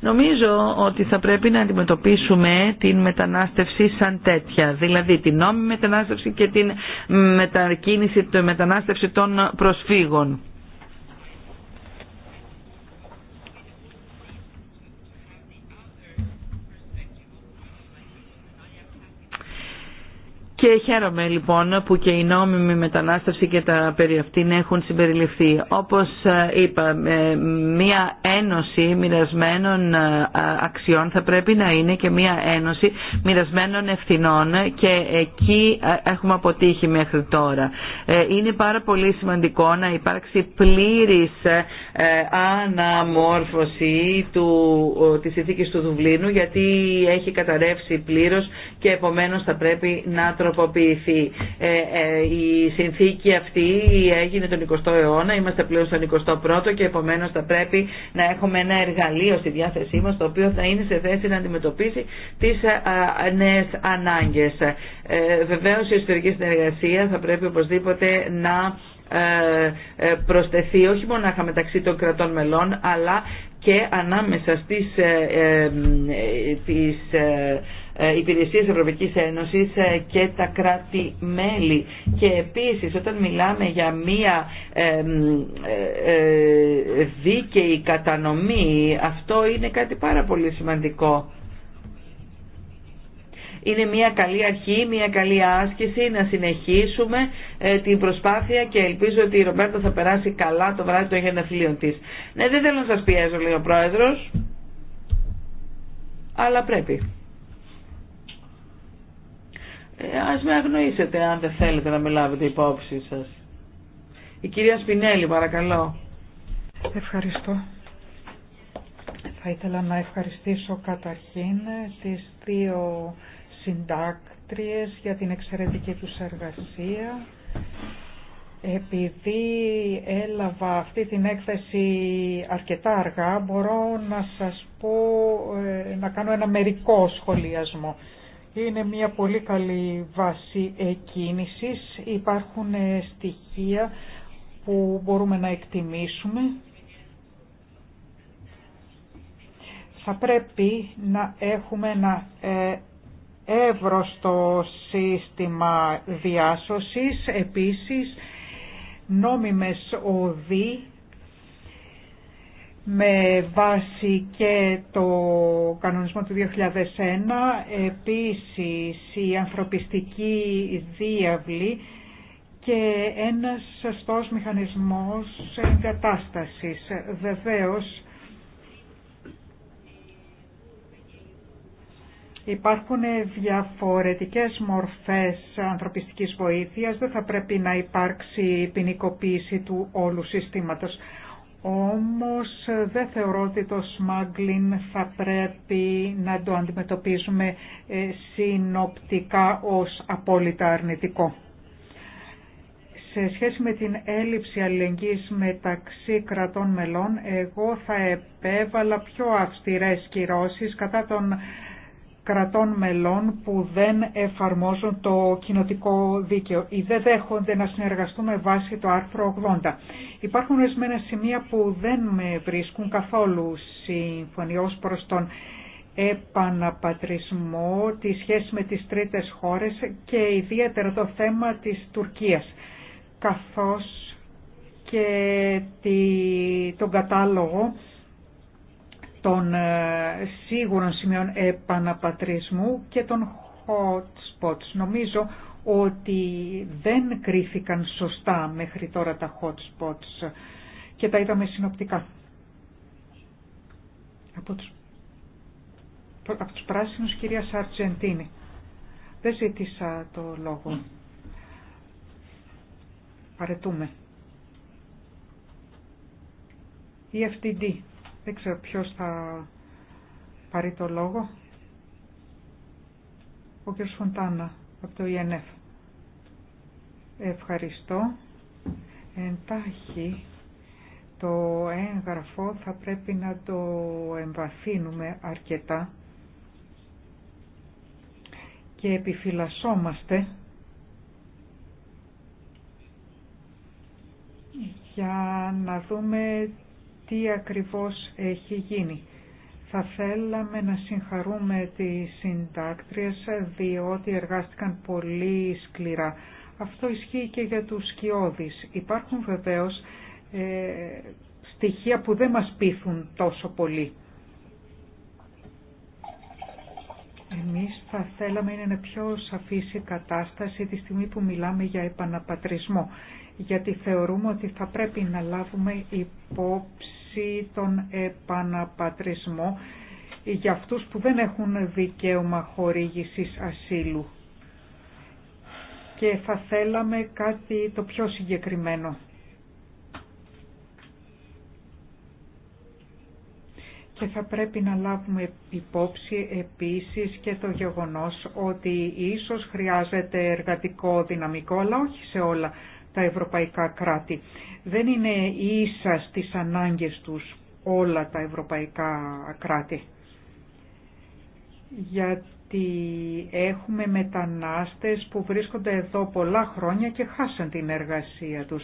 Νομίζω ότι θα πρέπει να αντιμετωπίσουμε την μετανάστευση σαν τέτοια, δηλαδή την νόμιμη μετανάστευση και την μετακίνηση, τη μετανάστευση των προσφύγων. Και χαίρομαι λοιπόν που και η νόμιμη μετανάστευση και τα περί αυτήν έχουν συμπεριληφθεί. Όπως ε, είπα, ε, μία ένωση μοιρασμένων ε, αξιών θα πρέπει να είναι και μία ένωση μοιρασμένων ευθυνών και εκεί έχουμε αποτύχει μέχρι τώρα. Είναι πάρα πολύ σημαντικό να υπάρξει πλήρης αναμόρφωση του, της ηθίκης του Δουβλίνου γιατί έχει καταρρεύσει πλήρως και επομένως θα πρέπει να τροποποιηθεί. Ε, ε, η συνθήκη αυτή έγινε τον 20ο αιώνα, είμαστε πλέον στον 21ο και επομένως θα πρέπει να έχουμε ένα εργαλείο στη διάθεσή μας το οποίο θα είναι σε θέση να αντιμετωπίσει τις ε, νέες ανάγκες. Βεβαίως η ιστορική συνεργασία θα πρέπει οπωσδήποτε να προσθεθεί όχι μονάχα μεταξύ των κρατών μελών αλλά και ανάμεσα στις, ε, τις, ε, υπηρεσίες Ευρωπαϊκής Ένωσης ε, και τα κράτη-μέλη. Και επίσης όταν μιλάμε για μία ε, δίκαιη κατανομή, αυτό είναι κάτι πάρα πολύ σημαντικό. Είναι μια καλή αρχή, μια καλή άσκηση να συνεχίσουμε την προσπάθεια και ελπίζω ότι η Ρομπέρτα θα περάσει καλά το βράδυ των γενεθλίων της. Ναι, δεν θέλω να σας πιέζω, λέει ο Πρόεδρος, αλλά πρέπει. Ε, ας με αγνοήσετε αν δεν θέλετε να με λάβετε υπόψη σας. Η κυρία Σπινέλη παρακαλώ. Ευχαριστώ. Θα ήθελα να ευχαριστήσω καταρχήν τις δύο συντάκτριες για την εξαιρετική τους εργασία. Επειδή έλαβα αυτή την έκθεση αρκετά αργά, μπορώ να σας πω, ε, να κάνω ένα μερικό σχολιασμό. Είναι μια πολύ καλή βάση εκκίνησης. Υπάρχουν ε, στοιχεία που μπορούμε να εκτιμήσουμε. Θα πρέπει να έχουμε ένα ε, εύρωστο σύστημα διάσωσης, επίσης νόμιμες οδοί με βάση και το κανονισμό του 2001, επίσης η ανθρωπιστική διάβλη και ένας σωστός μηχανισμός εγκατάστασης. Βεβαίως υπάρχουν διαφορετικές μορφές ανθρωπιστικής βοήθειας, δεν θα πρέπει να υπάρξει ποινικοποίηση του όλου συστήματος. Όμως ε, δεν θεωρώ ότι το smuggling θα πρέπει να το αντιμετωπίζουμε ε, συνοπτικά ως απόλυτα αρνητικό. Σε σχέση με την έλλειψη αλληλεγγύης μεταξύ κρατών μελών, εγώ θα επέβαλα πιο αυστηρές κυρώσεις κατά των κρατών μελών που δεν εφαρμόζουν το κοινοτικό δίκαιο ή δεν δέχονται να συνεργαστούμε βάση το άρθρο 80. Υπάρχουν ορισμένα σημεία που δεν με βρίσκουν καθόλου ως προς τον επαναπατρισμό, τη σχέση με τις τρίτες χώρες και ιδιαίτερα το θέμα της Τουρκίας, καθώς και τη τον κατάλογο των ε, σίγουρων σημείων επαναπατρισμού και των hot spots. Νομίζω ότι δεν κρίθηκαν σωστά μέχρι τώρα τα hot spots και τα είδαμε συνοπτικά. Από τους, από τους πράσινους κυρία Σαρτζεντίνη. Δεν ζήτησα το λόγο. Παρετούμε. Η FTD. Δεν ξέρω ποιος θα πάρει το λόγο. Ο κ. Φοντάνα από το ΙΕΝΕΦ. Ευχαριστώ. Εντάχει το έγγραφο θα πρέπει να το εμβαθύνουμε αρκετά και επιφυλασσόμαστε για να δούμε τι ακριβώς έχει γίνει. Θα θέλαμε να συγχαρούμε τις συντάκτριες διότι εργάστηκαν πολύ σκληρά. Αυτό ισχύει και για τους σκιώδεις. Υπάρχουν βεβαίως ε, στοιχεία που δεν μας πείθουν τόσο πολύ. Εμείς θα θέλαμε να είναι πιο σαφής η κατάσταση τη στιγμή που μιλάμε για επαναπατρισμό γιατί θεωρούμε ότι θα πρέπει να λάβουμε υπόψη τον επαναπατρισμό για αυτούς που δεν έχουν δικαίωμα χορήγησης ασύλου. Και θα θέλαμε κάτι το πιο συγκεκριμένο. Και θα πρέπει να λάβουμε υπόψη επίσης και το γεγονός ότι ίσως χρειάζεται εργατικό δυναμικό, αλλά όχι σε όλα τα ευρωπαϊκά κράτη. Δεν είναι ίσα στις ανάγκες τους όλα τα ευρωπαϊκά κράτη. Γιατί έχουμε μετανάστες που βρίσκονται εδώ πολλά χρόνια και χάσαν την εργασία τους.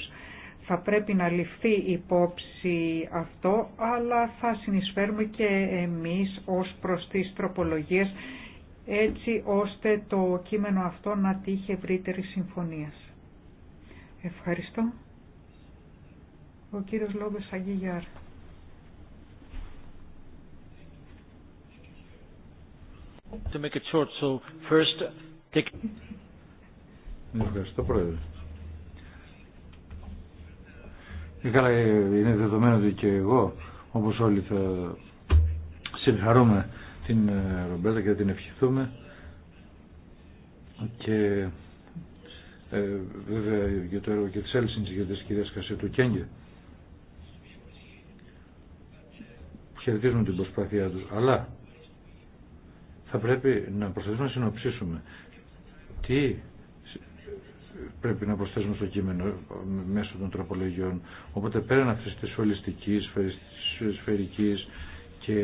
Θα πρέπει να ληφθεί υπόψη αυτό, αλλά θα συνεισφέρουμε και εμείς ως προς τις τροπολογίες, έτσι ώστε το κείμενο αυτό να τύχει ευρύτερη συμφωνίας. Ευχαριστώ. Ο κύριος Λόμπες Αγγίγιαρ. To make it short, so first, take... Ευχαριστώ, Πρόεδρε. Καλά, είναι δεδομένο ότι και εγώ, όπως όλοι θα συγχαρούμε την ε, Ρομπέτα και την ευχηθούμε και ε, βέβαια για το έργο και της Έλσινς για της κυρίας Κασέτου Κέγγε. χαιρετίζουν την προσπάθειά τους, αλλά θα πρέπει να προσθέσουμε να συνοψίσουμε τι πρέπει να προσθέσουμε στο κείμενο μέσω των τροπολογιών. Οπότε πέραν αυτής της ολιστικής, σφαιρικής και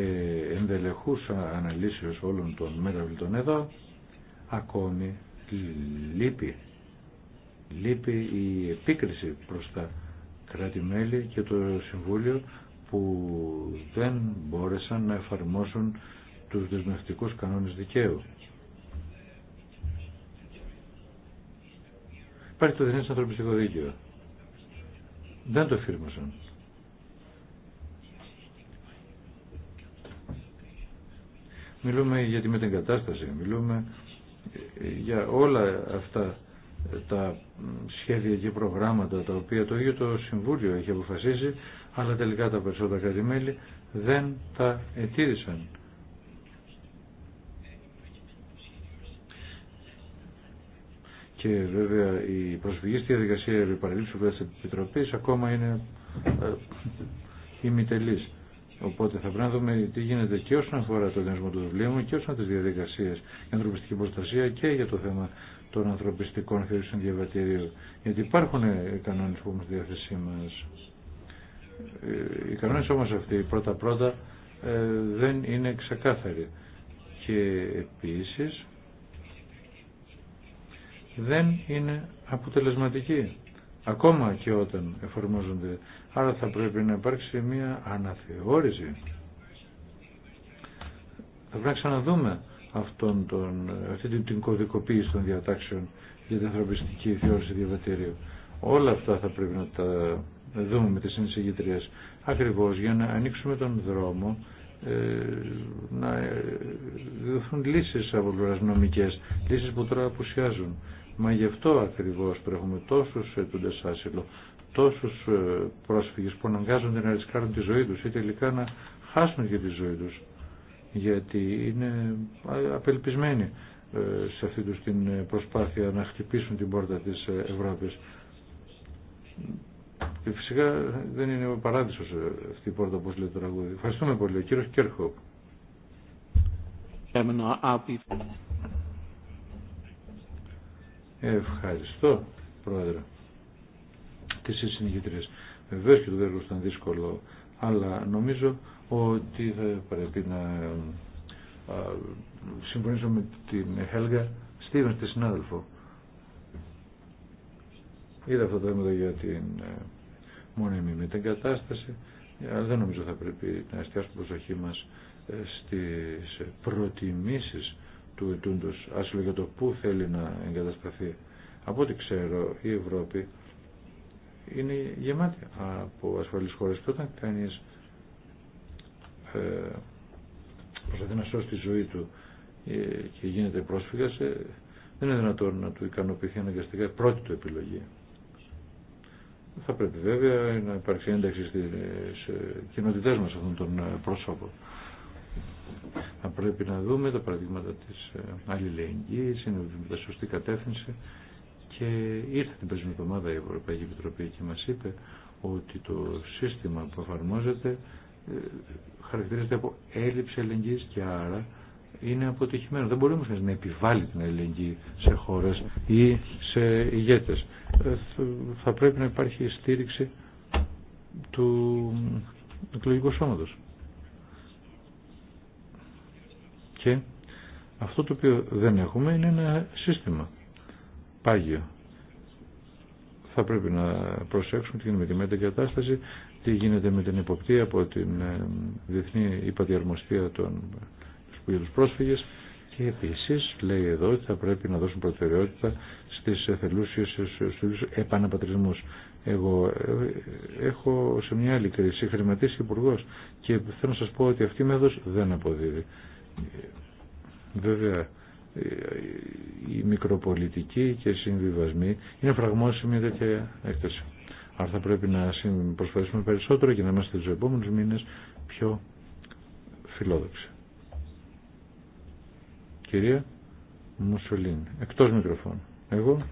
ενδελεχούς αναλύσεως όλων των μεταβλητών εδώ, ακόμη λείπει λείπει η επίκριση προς τα κράτη-μέλη και το Συμβούλιο που δεν μπόρεσαν να εφαρμόσουν τους δεσμευτικούς κανόνες δικαίου. Υπάρχει το Διεθνές Ανθρωπιστικό Δίκαιο. Δεν το εφήρμοσαν. Μιλούμε για τη μετεγκατάσταση, μιλούμε για όλα αυτά τα σχέδια και προγράμματα τα οποία το ίδιο το Συμβούλιο έχει αποφασίσει αλλά τελικά τα περισσότερα κατημέλη δεν τα ετήρησαν. Και βέβαια η προσφυγή στη διαδικασία επιπαραλήψης της Επιτροπής ακόμα είναι ε, ημιτελής. Οπότε θα πρέπει να δούμε τι γίνεται και όσον αφορά το ενδιαφέρον του βιβλίου και όσον αφορά τις διαδικασίες για ανθρωπιστική προστασία και για το θέμα των ανθρωπιστικών θεωρήσεων διαβατηρίων Γιατί υπάρχουν ε, κανόνε που έχουμε στη διάθεσή μα. Ε, οι κανόνε όμω αυτοί πρώτα-πρώτα ε, δεν είναι ξεκάθαροι. Και επίση δεν είναι αποτελεσματικοί. Ακόμα και όταν εφαρμόζονται. Άρα θα πρέπει να υπάρξει μια αναθεώρηση. Θα πρέπει να ξαναδούμε αυτόν τον, αυτή την, την κωδικοποίηση των διατάξεων για την ανθρωπιστική θεώρηση διαβατήριου. Όλα αυτά θα πρέπει να τα δούμε με τις συνεισηγητρίες ακριβώς για να ανοίξουμε τον δρόμο ε, να ε, δοθούν λύσεις από νομικές, λύσεις που τώρα απουσιάζουν. Μα γι' αυτό ακριβώς που έχουμε τόσους ετούντες άσυλο, τόσους ε, πρόσφυγες που αναγκάζονται να ρισκάρουν τη ζωή τους ή τελικά να χάσουν και τη ζωή τους γιατί είναι απελπισμένοι ε, σε αυτή τους την προσπάθεια να χτυπήσουν την πόρτα της ε, Ευρώπης. Και φυσικά δεν είναι ο παράδεισος ε, αυτή η πόρτα όπως λέει το τραγούδι. Ευχαριστούμε πολύ. Ο κύριος Κέρχοπ. Ευχαριστώ, Πρόεδρε. Τι συνηγητρίες. Βεβαίω και το δεύτερο ήταν δύσκολο, αλλά νομίζω ότι θα πρέπει να συμφωνήσω με την Χέλγα Στίβεν, τη συνάδελφο. Είδα αυτό το θέμα για την ε, μόνιμη κατάσταση ε, αλλά δεν νομίζω θα πρέπει να εστιάσουμε προσοχή μας ε, στις προτιμήσεις του ετούντος, άσυλο για το πού θέλει να εγκατασταθεί. Από ό,τι ξέρω, η Ευρώπη είναι γεμάτη από ασφαλείς χώρες και όταν κανείς ε, προσπαθεί να σώσει τη ζωή του ε, και γίνεται πρόσφυγας ε, δεν είναι δυνατόν να του ικανοποιηθεί αναγκαστικά πρώτη του επιλογή. Θα πρέπει βέβαια να υπάρξει ένταξη στι κοινότητέ μας αυτών των ε, πρόσωπων. Θα πρέπει να δούμε τα παραδείγματα της αλληλεγγύη, είναι με τα σωστή κατεύθυνση και ήρθε την περσμένη εβδομάδα η Ευρωπαϊκή Επιτροπή και μας είπε ότι το σύστημα που εφαρμόζεται ε, χαρακτηρίζεται από έλλειψη ελεγγύης και άρα είναι αποτυχημένο. Δεν μπορεί όμως να επιβάλλει την ελεγγύη σε χώρες ή σε ηγέτες. Ε, θα πρέπει να υπάρχει στήριξη του εκλογικού σώματος. Και αυτό το οποίο δεν έχουμε είναι ένα σύστημα θα πρέπει να προσέξουμε τι γίνεται με τη μετακατάσταση, τι γίνεται με την υποπτία από την ε, Διεθνή Υπαδιαρμοστία των Σπουδίων Πρόσφυγες και επίσης λέει εδώ ότι θα πρέπει να δώσουν προτεραιότητα στις εθελούσιες στους επαναπατρισμούς. Εγώ ε, έχω σε μια άλλη κρίση χρηματίσει υπουργό και θέλω να σας πω ότι αυτή η μέθοδος δεν αποδίδει. Βέβαια η μικροπολιτική και οι συμβιβασμοί είναι φραγμόσιμη μια τέτοια έκθεση. Άρα θα πρέπει να προσπαθήσουμε περισσότερο και να είμαστε στους επόμενους μήνες πιο φιλόδοξοι. Κυρία Μουσολίνη, εκτός μικροφώνου. Εγώ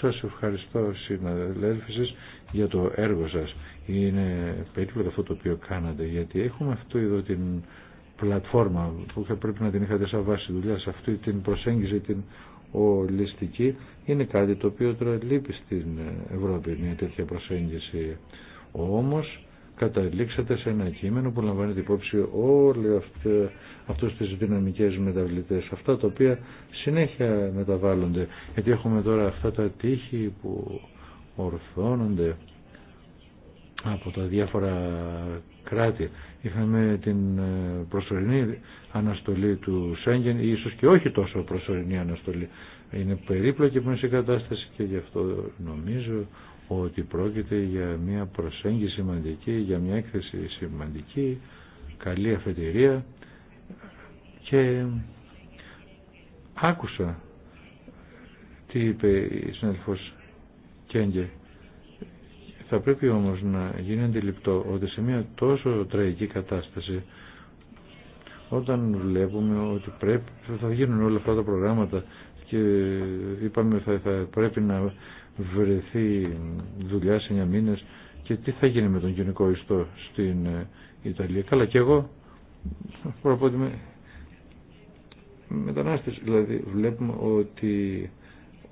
σας ευχαριστώ συναδέλφοι για το έργο σας. Είναι περίπου αυτό το οποίο κάνατε γιατί έχουμε αυτό εδώ την πλατφόρμα που θα πρέπει να την είχατε σαν βάση δουλειά σε αυτή την προσέγγιση την ολιστική είναι κάτι το οποίο τώρα λείπει στην Ευρώπη μια τέτοια προσέγγιση όμως καταλήξατε σε ένα κείμενο που την υπόψη όλοι αυτούς τις δυναμικές μεταβλητές αυτά τα οποία συνέχεια μεταβάλλονται γιατί έχουμε τώρα αυτά τα τείχη που ορθώνονται από τα διάφορα κράτη. Είχαμε την ε, προσωρινή αναστολή του Σέγγεν ή ίσως και όχι τόσο προσωρινή αναστολή. Είναι περίπλοκη που είναι σε κατάσταση και γι' αυτό νομίζω ότι πρόκειται για μια προσέγγιση σημαντική, για μια έκθεση σημαντική, καλή αφετηρία και άκουσα τι είπε η συνάδελφος Κέγγε θα πρέπει όμως να γίνει αντιληπτό ότι σε μια τόσο τραγική κατάσταση όταν βλέπουμε ότι πρέπει, θα γίνουν όλα αυτά τα προγράμματα και είπαμε θα, θα πρέπει να βρεθεί δουλειά σε 9 μήνες και τι θα γίνει με τον γενικό ιστό στην ε, Ιταλία. Καλά και εγώ πρέπει ότι μετανάστες. Δηλαδή βλέπουμε ότι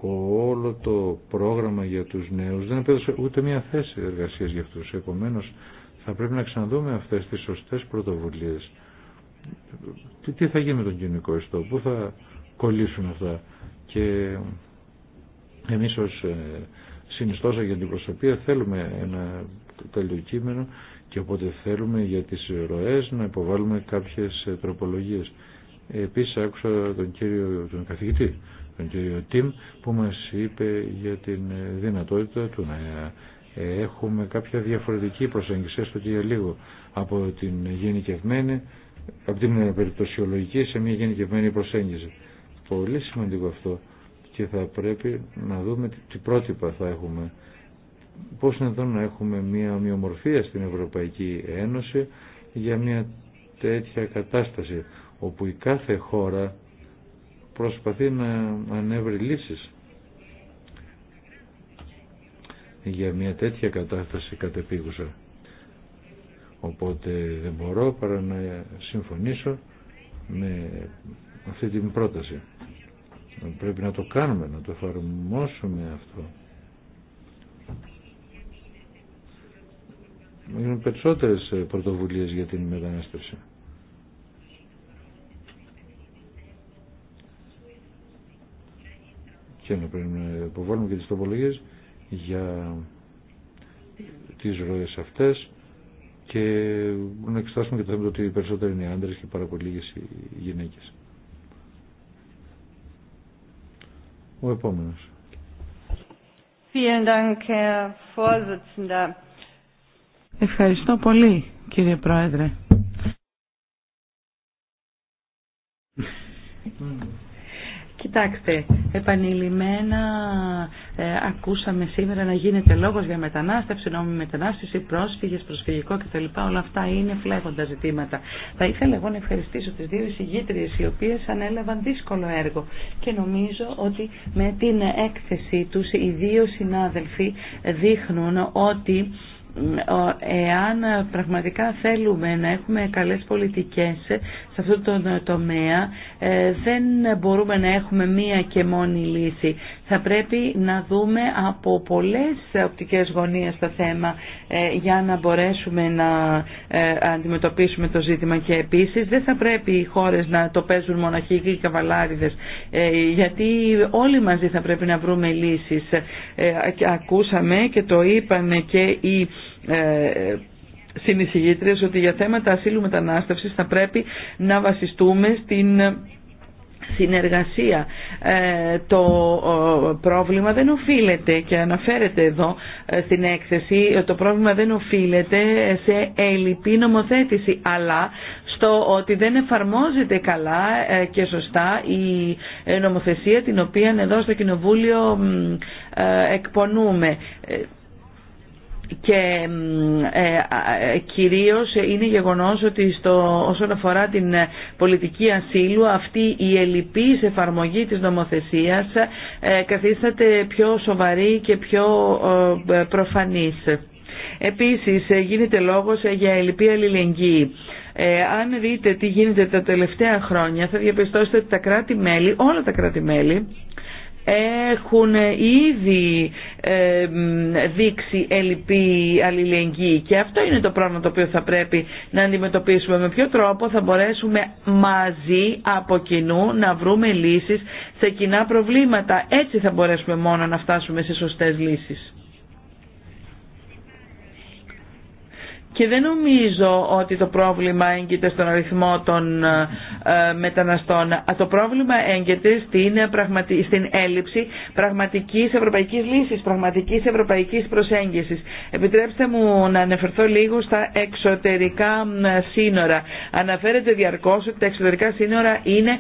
όλο το πρόγραμμα για τους νέους δεν επέδωσε ούτε μια θέση εργασίας για αυτούς. Επομένως θα πρέπει να ξαναδούμε αυτές τις σωστές πρωτοβουλίες. Τι θα γίνει με τον κοινωνικό ιστό, πού θα κολλήσουν αυτά. Και εμείς ως ε, συνιστόσα για την προσωπία θέλουμε ένα τέλειο κείμενο και οπότε θέλουμε για τις ροές να υποβάλουμε κάποιες ε, τροπολογίες. Επίσης άκουσα τον κύριο τον καθηγητή τον κύριο Τιμ που μας είπε για την δυνατότητα του να ε, έχουμε κάποια διαφορετική προσέγγιση έστω και για λίγο από την γενικευμένη από την περιπτωσιολογική σε μια γενικευμένη προσέγγιση. Πολύ σημαντικό αυτό και θα πρέπει να δούμε τι πρότυπα θα έχουμε. Πώς είναι να έχουμε μια ομοιομορφία στην Ευρωπαϊκή Ένωση για μια τέτοια κατάσταση όπου η κάθε χώρα προσπαθεί να ανέβρει λύσεις για μια τέτοια κατάσταση κατεπίγουσα. Οπότε δεν μπορώ παρά να συμφωνήσω με αυτή την πρόταση. Πρέπει να το κάνουμε, να το εφαρμόσουμε αυτό. Υπάρχουν περισσότερες πρωτοβουλίες για την μετανάστευση. και να υποβάλουμε και τις τοπολογίες για τις ροές αυτές και να εξετάσουμε και το θέμα ότι οι περισσότεροι είναι άντρες και πάρα πολύ λίγες οι γυναίκες. Ο επόμενος. Ευχαριστώ πολύ κύριε Πρόεδρε. Κοιτάξτε, επανειλημμένα ε, ακούσαμε σήμερα να γίνεται λόγος για μετανάστευση, νόμιμη μετανάστευση, πρόσφυγες, προσφυγικό κτλ. Όλα αυτά είναι φλέγοντα ζητήματα. Θα ήθελα εγώ να ευχαριστήσω τις δύο εισηγήτριε οι οποίες ανέλαβαν δύσκολο έργο και νομίζω ότι με την έκθεση τους οι δύο συνάδελφοι δείχνουν ότι εάν πραγματικά θέλουμε να έχουμε καλές πολιτικές σε αυτό το τομέα ε, δεν μπορούμε να έχουμε μία και μόνη λύση. Θα πρέπει να δούμε από πολλές οπτικές γωνίες το θέμα ε, για να μπορέσουμε να ε, αντιμετωπίσουμε το ζήτημα και επίσης δεν θα πρέπει οι χώρες να το παίζουν μοναχοί και καβαλάριδες γιατί όλοι μαζί θα πρέπει να βρούμε λύσεις. Ακούσαμε και το είπαν και οι συνεισηγήτριες ότι για θέματα ασύλου μετανάστευσης θα πρέπει να βασιστούμε στην συνεργασία. Ε, το πρόβλημα δεν οφείλεται και αναφέρεται εδώ ε, στην έκθεση, το πρόβλημα δεν οφείλεται σε ελλειπή νομοθέτηση, αλλά στο ότι δεν εφαρμόζεται καλά ε, και σωστά η νομοθεσία την οποία εδώ στο Κοινοβούλιο εκπονούμε και ε, ε, κυρίως είναι γεγονός ότι στο, όσον αφορά την πολιτική ασύλου αυτή η ελλειπής εφαρμογή της νομοθεσίας ε, καθίσταται πιο σοβαρή και πιο ε, προφανής. Επίσης ε, γίνεται λόγος ε, για ελλειπή αλληλεγγύη. αν δείτε τι γίνεται τα τελευταία χρόνια θα διαπιστώσετε ότι τα κράτη-μέλη, όλα τα κράτη-μέλη έχουν ήδη ε, δείξει ελλειπή αλληλεγγύη και αυτό είναι το πρόβλημα το οποίο θα πρέπει να αντιμετωπίσουμε. Με ποιο τρόπο θα μπορέσουμε μαζί από κοινού να βρούμε λύσεις σε κοινά προβλήματα. Έτσι θα μπορέσουμε μόνο να φτάσουμε σε σωστές λύσεις. Και δεν νομίζω ότι το πρόβλημα έγκυται στον αριθμό των ε, μεταναστών. Το πρόβλημα έγκυται στην, ε, πραγματι... στην έλλειψη πραγματικής ευρωπαϊκής λύσης, πραγματικής ευρωπαϊκής προσέγγισης. Επιτρέψτε μου να αναφερθώ λίγο στα εξωτερικά σύνορα. Αναφέρεται διαρκώς ότι τα εξωτερικά σύνορα είναι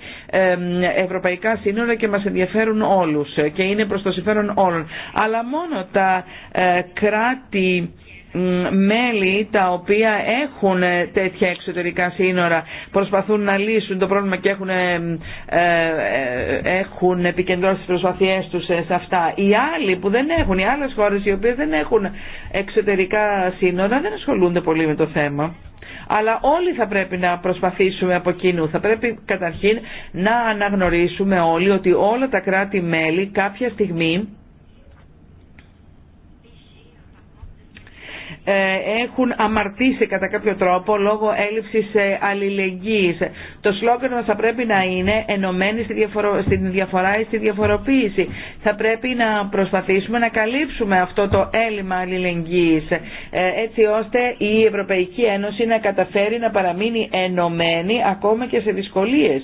ευρωπαϊκά σύνορα και μας ενδιαφέρουν όλους και είναι προς το συμφέρον όλων. Αλλά μόνο τα ε, κράτη μέλη τα οποία έχουν τέτοια εξωτερικά σύνορα προσπαθούν να λύσουν το πρόβλημα και έχουν, ε, ε, ε έχουν επικεντρώσει τις προσπαθειές τους ε, σε αυτά. Οι άλλοι που δεν έχουν, οι άλλες χώρες οι οποίες δεν έχουν εξωτερικά σύνορα δεν ασχολούνται πολύ με το θέμα. Αλλά όλοι θα πρέπει να προσπαθήσουμε από κοινού. Θα πρέπει καταρχήν να αναγνωρίσουμε όλοι ότι όλα τα κράτη-μέλη κάποια στιγμή Ε, έχουν αμαρτήσει κατά κάποιο τρόπο λόγω έλλειψης ε, αλληλεγγύης. Το σλόγγαν μας θα πρέπει να είναι ενωμένοι στη στην διαφορά ή στη διαφοροποίηση. Θα πρέπει να προσπαθήσουμε να καλύψουμε αυτό το έλλειμμα αλληλεγγύης ε, έτσι ώστε η Ευρωπαϊκή Ένωση να καταφέρει να παραμείνει ενωμένη ακόμα και σε δυσκολίες.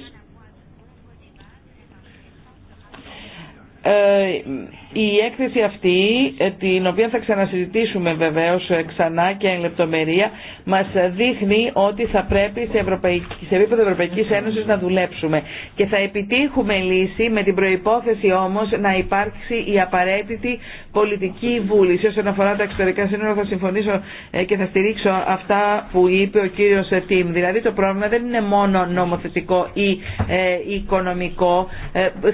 Η έκθεση αυτή, ε, την οποία θα ξανασυζητήσουμε βεβαίως ε, ξανά και εν λεπτομερία, μας δείχνει ότι θα πρέπει σε, ευρωπαϊκή, σε επίπεδο Ευρωπαϊκής Ένωσης να δουλέψουμε. Και θα επιτύχουμε λύση με την προϋπόθεση όμως να υπάρξει η απαραίτητη πολιτική βούληση. Όσον αφορά τα εξωτερικά σύνορα θα συμφωνήσω ε, και θα στηρίξω αυτά που είπε ο κύριος Τιμ. Δηλαδή το πρόβλημα δεν είναι μόνο νομοθετικό ή οικονομικό.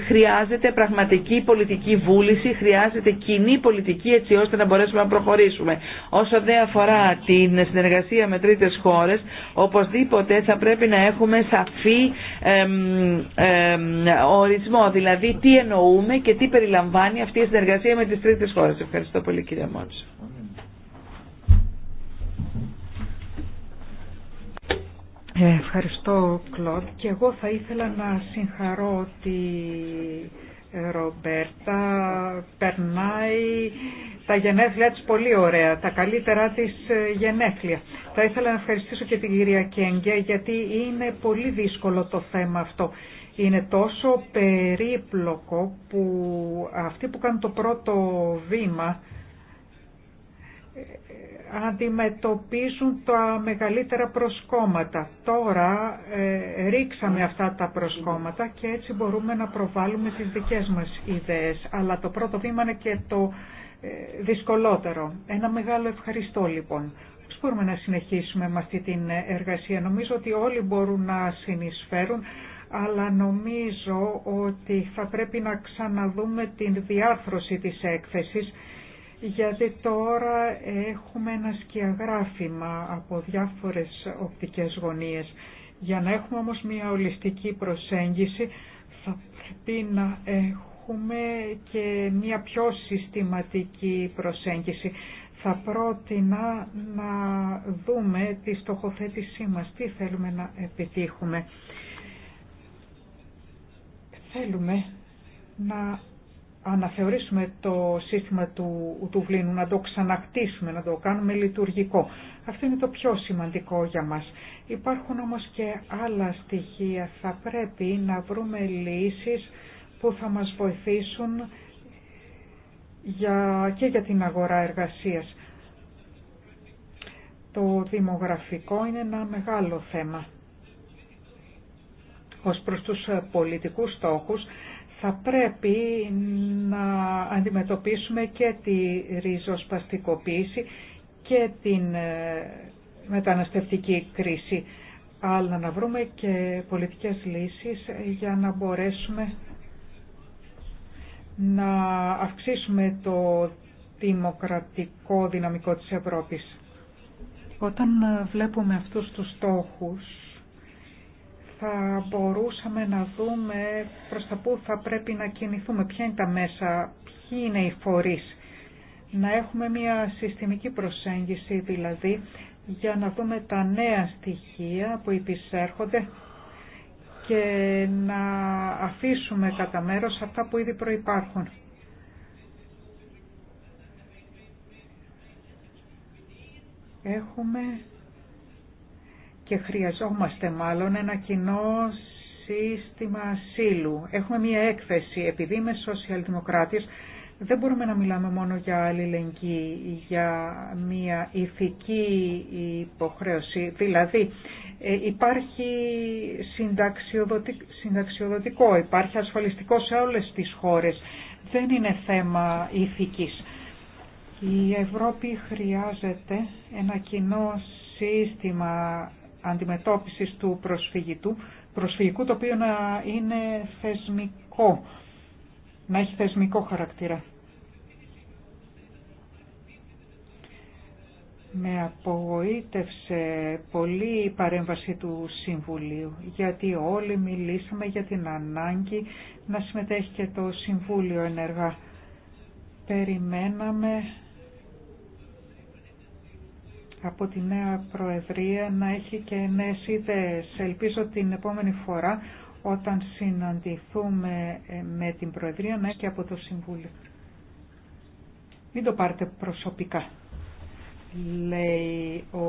χρειάζεται πραγματική πολιτική βούληση χρειάζεται κοινή πολιτική έτσι ώστε να μπορέσουμε να προχωρήσουμε. Όσο δεν αφορά την συνεργασία με τρίτες χώρες, οπωσδήποτε θα πρέπει να έχουμε σαφή ορισμό, δηλαδή τι εννοούμε και τι περιλαμβάνει αυτή η συνεργασία με τις τρίτες χώρες. Ευχαριστώ πολύ κύριε Μόντσο. Ε, ευχαριστώ Κλοντ και εγώ θα ήθελα να συγχαρώ ότι Ρομπέρτα περνάει τα γενέθλια της πολύ ωραία, τα καλύτερά της ε, γενέθλια. Θα ήθελα να ευχαριστήσω και την κυρία Κέγκια γιατί είναι πολύ δύσκολο το θέμα αυτό. Είναι τόσο περίπλοκο που αυτοί που κάνουν το πρώτο βήμα αντιμετωπίζουν τα μεγαλύτερα προσκόμματα. Τώρα ε, ρίξαμε αυτά τα προσκόμματα και έτσι μπορούμε να προβάλλουμε τις δικές μας ιδέες. Αλλά το πρώτο βήμα είναι και το ε, δυσκολότερο. Ένα μεγάλο ευχαριστώ λοιπόν. Πώς μπορούμε να συνεχίσουμε με αυτή την εργασία. Νομίζω ότι όλοι μπορούν να συνεισφέρουν αλλά νομίζω ότι θα πρέπει να ξαναδούμε την διάρθρωση της έκθεσης γιατί τώρα έχουμε ένα σκιαγράφημα από διάφορες οπτικές γωνίες. Για να έχουμε όμως μια ολιστική προσέγγιση θα πρέπει να έχουμε και μια πιο συστηματική προσέγγιση. Θα πρότεινα να δούμε τη στοχοθέτησή μας, τι θέλουμε να επιτύχουμε. Θέλουμε να αναθεωρήσουμε το σύστημα του Ουτουβλίνου, να το ξανακτήσουμε, να το κάνουμε λειτουργικό. Αυτό είναι το πιο σημαντικό για μας. Υπάρχουν όμως και άλλα στοιχεία. Θα πρέπει να βρούμε λύσεις που θα μας βοηθήσουν για, και για την αγορά εργασίας. Το δημογραφικό είναι ένα μεγάλο θέμα. Ως προς τους πολιτικούς στόχους θα πρέπει να αντιμετωπίσουμε και τη ριζοσπαστικοποίηση και την ε, μεταναστευτική κρίση, αλλά να βρούμε και πολιτικές λύσεις για να μπορέσουμε να αυξήσουμε το δημοκρατικό δυναμικό της Ευρώπης. Όταν ε, βλέπουμε αυτούς τους στόχους, θα μπορούσαμε να δούμε προς τα πού θα πρέπει να κινηθούμε, ποια είναι τα μέσα, ποιοι είναι οι φορείς. Να έχουμε μια συστημική προσέγγιση δηλαδή για να δούμε τα νέα στοιχεία που υπησέρχονται και να αφήσουμε κατά μέρος αυτά που ήδη προϋπάρχουν. Έχουμε και χρειαζόμαστε μάλλον ένα κοινό σύστημα ασύλου. Έχουμε μία έκθεση, επειδή είμαι σοσιαλδημοκράτης, δεν μπορούμε να μιλάμε μόνο για αλληλεγγύη, για μία ηθική υποχρέωση. Δηλαδή ε, υπάρχει συνταξιοδοτικό, υπάρχει ασφαλιστικό σε όλες τις χώρες. Δεν είναι θέμα ηθικής. Η Ευρώπη χρειάζεται ένα κοινό σύστημα αντιμετώπισης του προσφυγικού, προσφυγικού το οποίο να είναι θεσμικό, να έχει θεσμικό χαρακτήρα. Με απογοήτευσε πολύ η παρέμβαση του Συμβουλίου, γιατί όλοι μιλήσαμε για την ανάγκη να συμμετέχει και το Συμβούλιο ενεργά. Περιμέναμε από τη νέα Προεδρία να έχει και νέες ιδέες. Ελπίζω την επόμενη φορά όταν συναντηθούμε ε, με την Προεδρία να και από το Συμβούλιο. Μην το πάρετε προσωπικά, λέει ο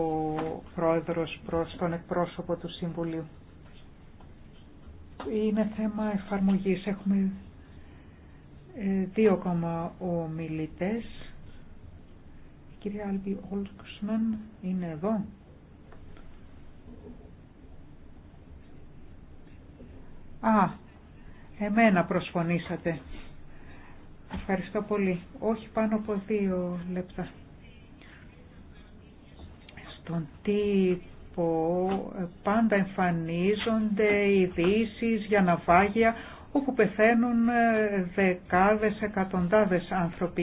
Πρόεδρος προς τον εκπρόσωπο του Συμβουλίου. Είναι θέμα εφαρμογής. Έχουμε ε, δύο ακόμα ομιλητές Κυρία Άλπη είναι εδώ. Α, εμένα προσφωνήσατε. Ευχαριστώ πολύ. Όχι πάνω από δύο λεπτά. Στον τύπο ε, πάντα εμφανίζονται ειδήσει για ναυάγια όπου πεθαίνουν ε, δεκάδες, εκατοντάδες άνθρωποι.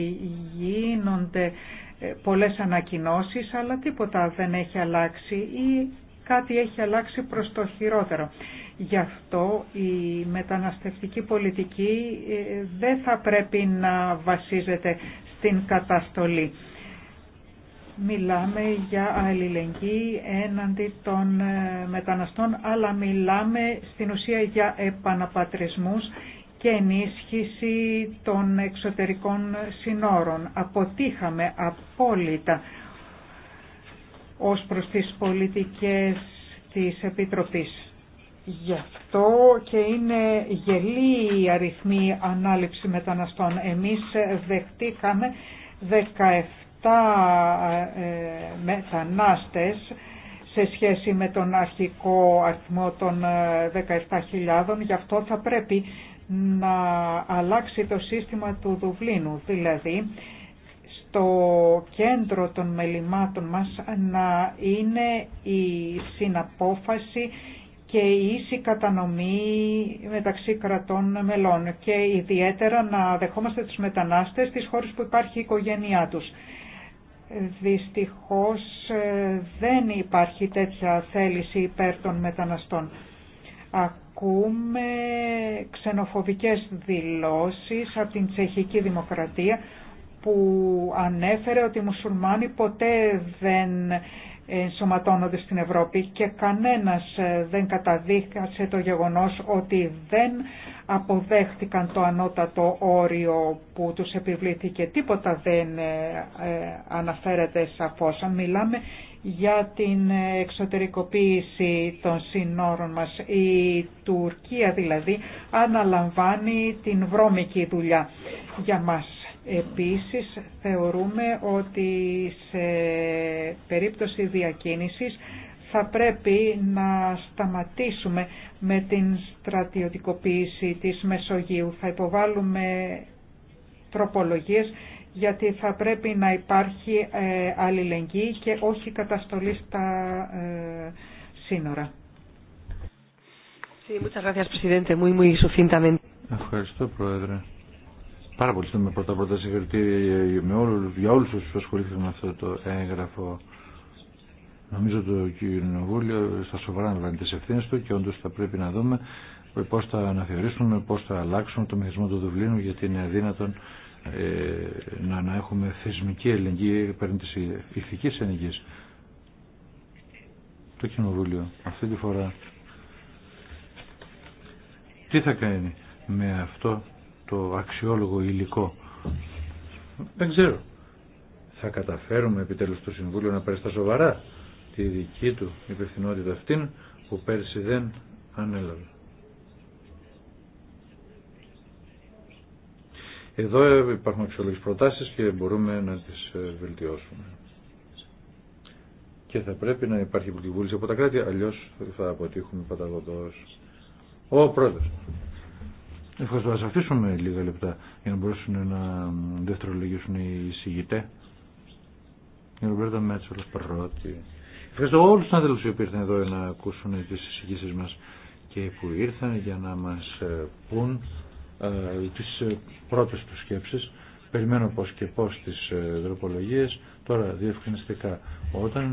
Γίνονται ε, πολλές ανακοινώσεις, αλλά τίποτα δεν έχει αλλάξει ή κάτι έχει αλλάξει προς το χειρότερο. Γι' αυτό η μεταναστευτική πολιτική ε, δεν θα πρέπει να βασίζεται στην καταστολή. Μιλάμε για αλληλεγγύη έναντι των ε, μεταναστών, αλλά μιλάμε στην ουσία για επαναπατρισμούς και ενίσχυση των εξωτερικών συνόρων. Αποτύχαμε απόλυτα ως προς τις πολιτικές της Επιτροπής. Γι' αυτό και είναι γελή η αριθμή ανάληψη μεταναστών. Εμείς δεχτήκαμε 17 ε, μετανάστες σε σχέση με τον αρχικό αριθμό των 17.000. Ε, Γι' αυτό θα πρέπει να αλλάξει το σύστημα του Δουβλίνου, δηλαδή στο κέντρο των μελημάτων μας να είναι η συναπόφαση και η ίση κατανομή μεταξύ κρατών μελών και ιδιαίτερα να δεχόμαστε τους μετανάστες στις χώρες που υπάρχει η οικογένειά τους. Δυστυχώς ε, δεν υπάρχει τέτοια θέληση υπέρ των μεταναστών. Ακούμε ξενοφοβικές δηλώσεις από την τσεχική δημοκρατία που ανέφερε ότι οι μουσουλμάνοι ποτέ δεν ενσωματώνονται στην Ευρώπη και κανένας ε, δεν καταδίκασε το γεγονός ότι δεν αποδέχτηκαν το ανώτατο όριο που τους επιβλήθηκε. Τίποτα δεν ε, ε, αναφέρεται σαφώς. Αν μιλάμε για την εξωτερικοποίηση των συνόρων μας. Η Τουρκία δηλαδή αναλαμβάνει την βρώμικη δουλειά για μας. Επίσης θεωρούμε ότι σε περίπτωση διακίνησης θα πρέπει να σταματήσουμε με την στρατιωτικοποίηση της Μεσογείου. Θα υποβάλουμε τροπολογίες γιατί θα πρέπει να υπάρχει ε, αλληλεγγύη και όχι καταστολή στα ε, σύνορα. Ευχαριστώ, Πρόεδρε. Πάρα πολύ σύντομα πρώτα πρώτα συγχαρητήρια με όλους, για όλους όσους ασχολήθηκαν με αυτό το έγγραφο. Νομίζω το βούλιο στα σοβαρά να βγάλει τις ευθύνες του και όντως θα πρέπει να δούμε πώς θα αναθεωρήσουμε, πώς θα αλλάξουν το μηχανισμό του Δουβλίνου γιατί είναι αδύνατον ε, να, έχουμε θεσμική ελεγγύη παίρνει της ηθικής ελεγγύης Το Κοινοβούλιο αυτή τη φορά τι θα κάνει με αυτό το αξιόλογο υλικό. Δεν ξέρω. Θα καταφέρουμε επιτέλους το Συμβούλιο να παίρνει στα σοβαρά τη δική του υπευθυνότητα αυτήν που πέρσι δεν ανέλαβε. Εδώ υπάρχουν αξιολογικές προτάσεις και μπορούμε να τις ε, βελτιώσουμε. Και θα πρέπει να υπάρχει βούληση από τα κράτη, αλλιώς θα αποτύχουμε παταγωτός. Ο πρόεδρος. Ευχαριστώ. Ας αφήσουμε λίγα λεπτά για να μπορέσουν να δευτερολογήσουν οι συγητέ. Ρομπέρτα Ευχαριστώ όλους τους άνθρωπου που ήρθαν εδώ να ακούσουν τις εισηγήσεις μας και που ήρθαν για να μας ε, πούν ε, τις ε, πρώτες του σκέψεις περιμένω πως και πως τις ε, δροπολογίες τώρα διευκρινιστικά όταν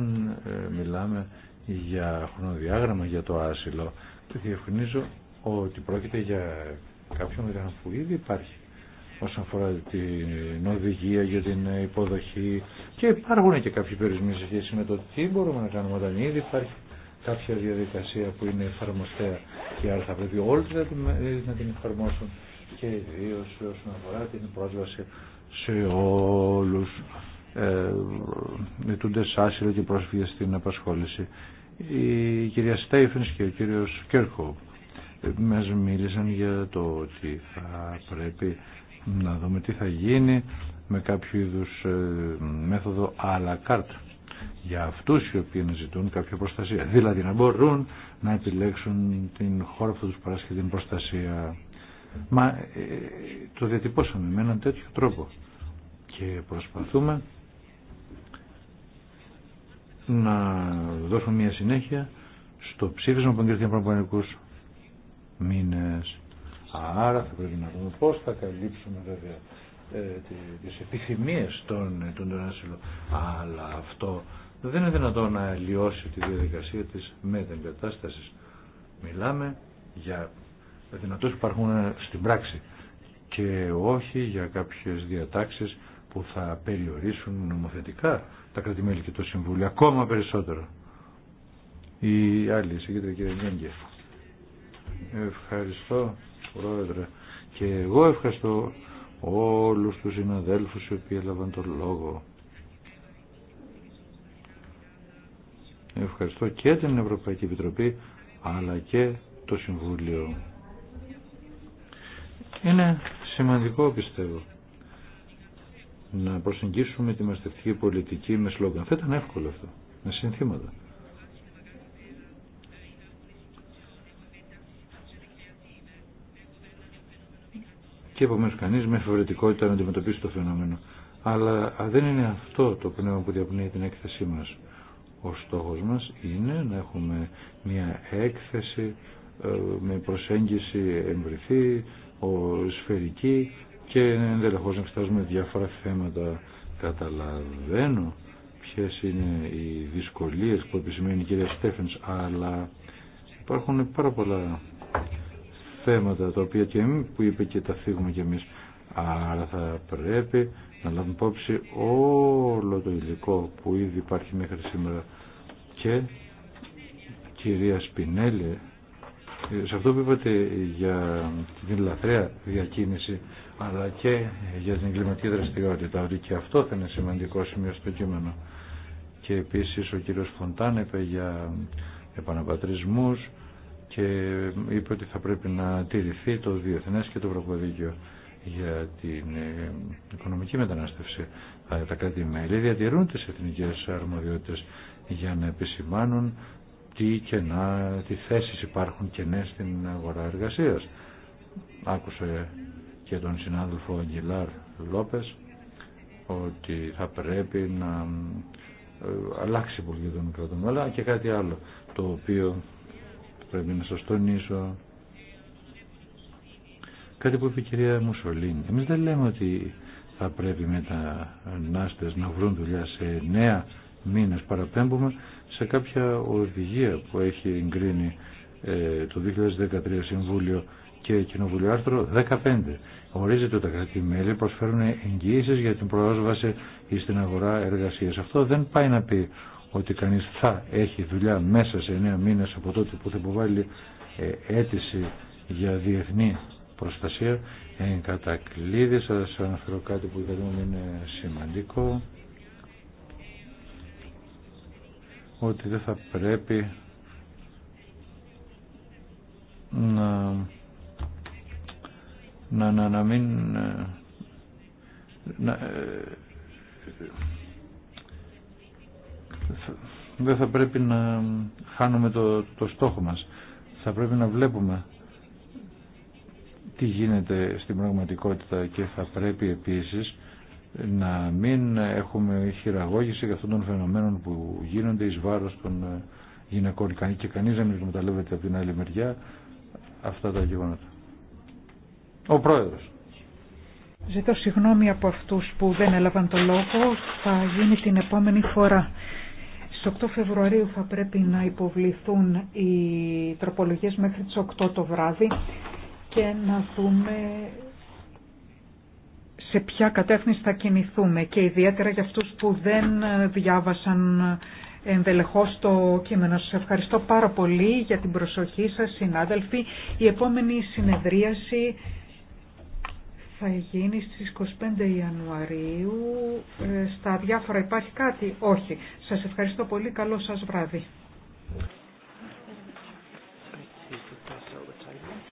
μιλάμε για χρονοδιάγραμμα για το άσυλο το διευκρινίζω ότι πρόκειται για κάποιο μεγάλο που ήδη υπάρχει όσον αφορά την οδηγία για την υποδοχή και υπάρχουν και κάποιοι περιορισμοί σε σχέση με το τι μπορούμε να κάνουμε όταν ήδη υπάρχει κάποια διαδικασία που είναι εφαρμοστέα και άρα θα πρέπει όλοι να την εφαρμόσουν και ιδίω όσον αφορά την πρόσβαση σε όλους ε, άσυλο και πρόσφυγες στην απασχόληση. Η κυρία Στέιφενς και ο κύριος Κέρκο ε, μας μίλησαν για το ότι θα πρέπει να δούμε τι θα γίνει με κάποιο είδους ε, μέθοδο à la carte για αυτούς οι οποίοι ζητούν κάποια προστασία. Δηλαδή να μπορούν να επιλέξουν την χώρα που τους παράσχει την προστασία. Μα ε, το διατυπώσαμε με έναν τέτοιο τρόπο και προσπαθούμε να δώσουμε μια συνέχεια στο ψήφισμα που εγκρίθηκε από μερικού μήνε. Άρα θα πρέπει να δούμε πώ θα καλύψουμε βέβαια ε, τι επιθυμίε των, τον Αλλά αυτό δεν είναι δυνατόν να λιώσει τη διαδικασία της κατάσταση Μιλάμε για να που υπάρχουν στην πράξη και όχι για κάποιες διατάξεις που θα περιορίσουν νομοθετικά τα κρατημέλη και το Συμβούλιο ακόμα περισσότερο. Η άλλη εισηγήτρια κύριε Γκέγκε. Ευχαριστώ πρόεδρε και εγώ ευχαριστώ όλους τους συναδέλφους οι οποίοι έλαβαν τον λόγο. Ευχαριστώ και την Ευρωπαϊκή Επιτροπή αλλά και το Συμβούλιο. Είναι σημαντικό πιστεύω να προσεγγίσουμε τη μαστευτική πολιτική με σλόγγαν. Θα ήταν εύκολο αυτό, με συνθήματα. Και επομένω κανεί με εφευρετικότητα να αντιμετωπίσει το φαινόμενο. Αλλά δεν είναι αυτό το πνεύμα που διαπνέει την έκθεσή μα. Ο στόχο μα είναι να έχουμε μια έκθεση ε, με προσέγγιση εμβρηθή, ο σφαιρική και εντελεχώς να εξετάζουμε διάφορα θέματα. Καταλαβαίνω ποιες είναι οι δυσκολίες που επισημαίνει η κυρία Στέφενς, αλλά υπάρχουν πάρα πολλά θέματα τα οποία και εμείς που είπε και τα θίγουμε και εμείς. Άρα θα πρέπει να λάβουμε υπόψη όλο το υλικό που ήδη υπάρχει μέχρι σήμερα και κυρία Σπινέλη σε αυτό που είπατε για την λαθρέα διακίνηση αλλά και για την εγκληματική δραστηριότητα ότι και αυτό θα είναι σημαντικό σημείο στο κείμενο και επίσης ο κύριος Φοντάν είπε για επαναπατρισμούς και είπε ότι θα πρέπει να τηρηθεί το διεθνές και το ευρωπαϊκό για την ε, οικονομική μετανάστευση. Τα κράτη-μέλη διατηρούν τις εθνικές αρμοδιότητες για να επισημάνουν τι να τι θέσεις υπάρχουν κενές στην αγορά εργασίας. Άκουσε και τον συνάδελφο Αγγιλάρ Λόπες ότι θα πρέπει να ε, αλλάξει πολύ τον κρατών αλλά και κάτι άλλο το οποίο πρέπει να σας τονίσω κάτι που είπε η κυρία Μουσολίνη εμείς δεν λέμε ότι θα πρέπει τα μετανάστες να βρουν δουλειά σε νέα μήνες. Παραπέμπουμε σε κάποια οδηγία που έχει εγκρίνει ε, το 2013 Συμβούλιο και Κοινοβουλίο άρθρο 15. Ορίζεται ότι τα κράτη-μέλη προσφέρουν εγγυήσεις για την πρόσβαση στην αγορά εργασίας. Αυτό δεν πάει να πει ότι κανείς θα έχει δουλειά μέσα σε 9 μήνες από τότε που θα υποβάλει ε, αίτηση για διεθνή προστασία. Εν κατακλείδη σας αναφέρω κάτι που για είναι σημαντικό. ότι δεν θα πρέπει να, να, να, να μην να, δεν θα πρέπει να χάνουμε το, το στόχο μας. Θα πρέπει να βλέπουμε τι γίνεται στην πραγματικότητα και θα πρέπει επίσης να μην έχουμε χειραγώγηση αυτών των φαινομένων που γίνονται εις βάρος των ε, γυναικών και κανείς να μην εκμεταλλεύεται από την άλλη μεριά αυτά τα γεγονότα. Ο Πρόεδρος. Ζητώ συγγνώμη από αυτούς που δεν έλαβαν το λόγο. Θα γίνει την επόμενη φορά. Στο 8 Φεβρουαρίου θα πρέπει να υποβληθούν οι τροπολογίες μέχρι τις 8 το βράδυ και να δούμε σε ποια κατεύθυνση θα κινηθούμε και ιδιαίτερα για αυτούς που δεν ε, διάβασαν ε, ενδελεχώς το κείμενο. Σας ευχαριστώ πάρα πολύ για την προσοχή σας συνάδελφοι. Η επόμενη συνεδρίαση θα γίνει στις 25 Ιανουαρίου. Ε, στα διάφορα υπάρχει κάτι. Όχι. Σας ευχαριστώ πολύ. Καλό σας βράδυ.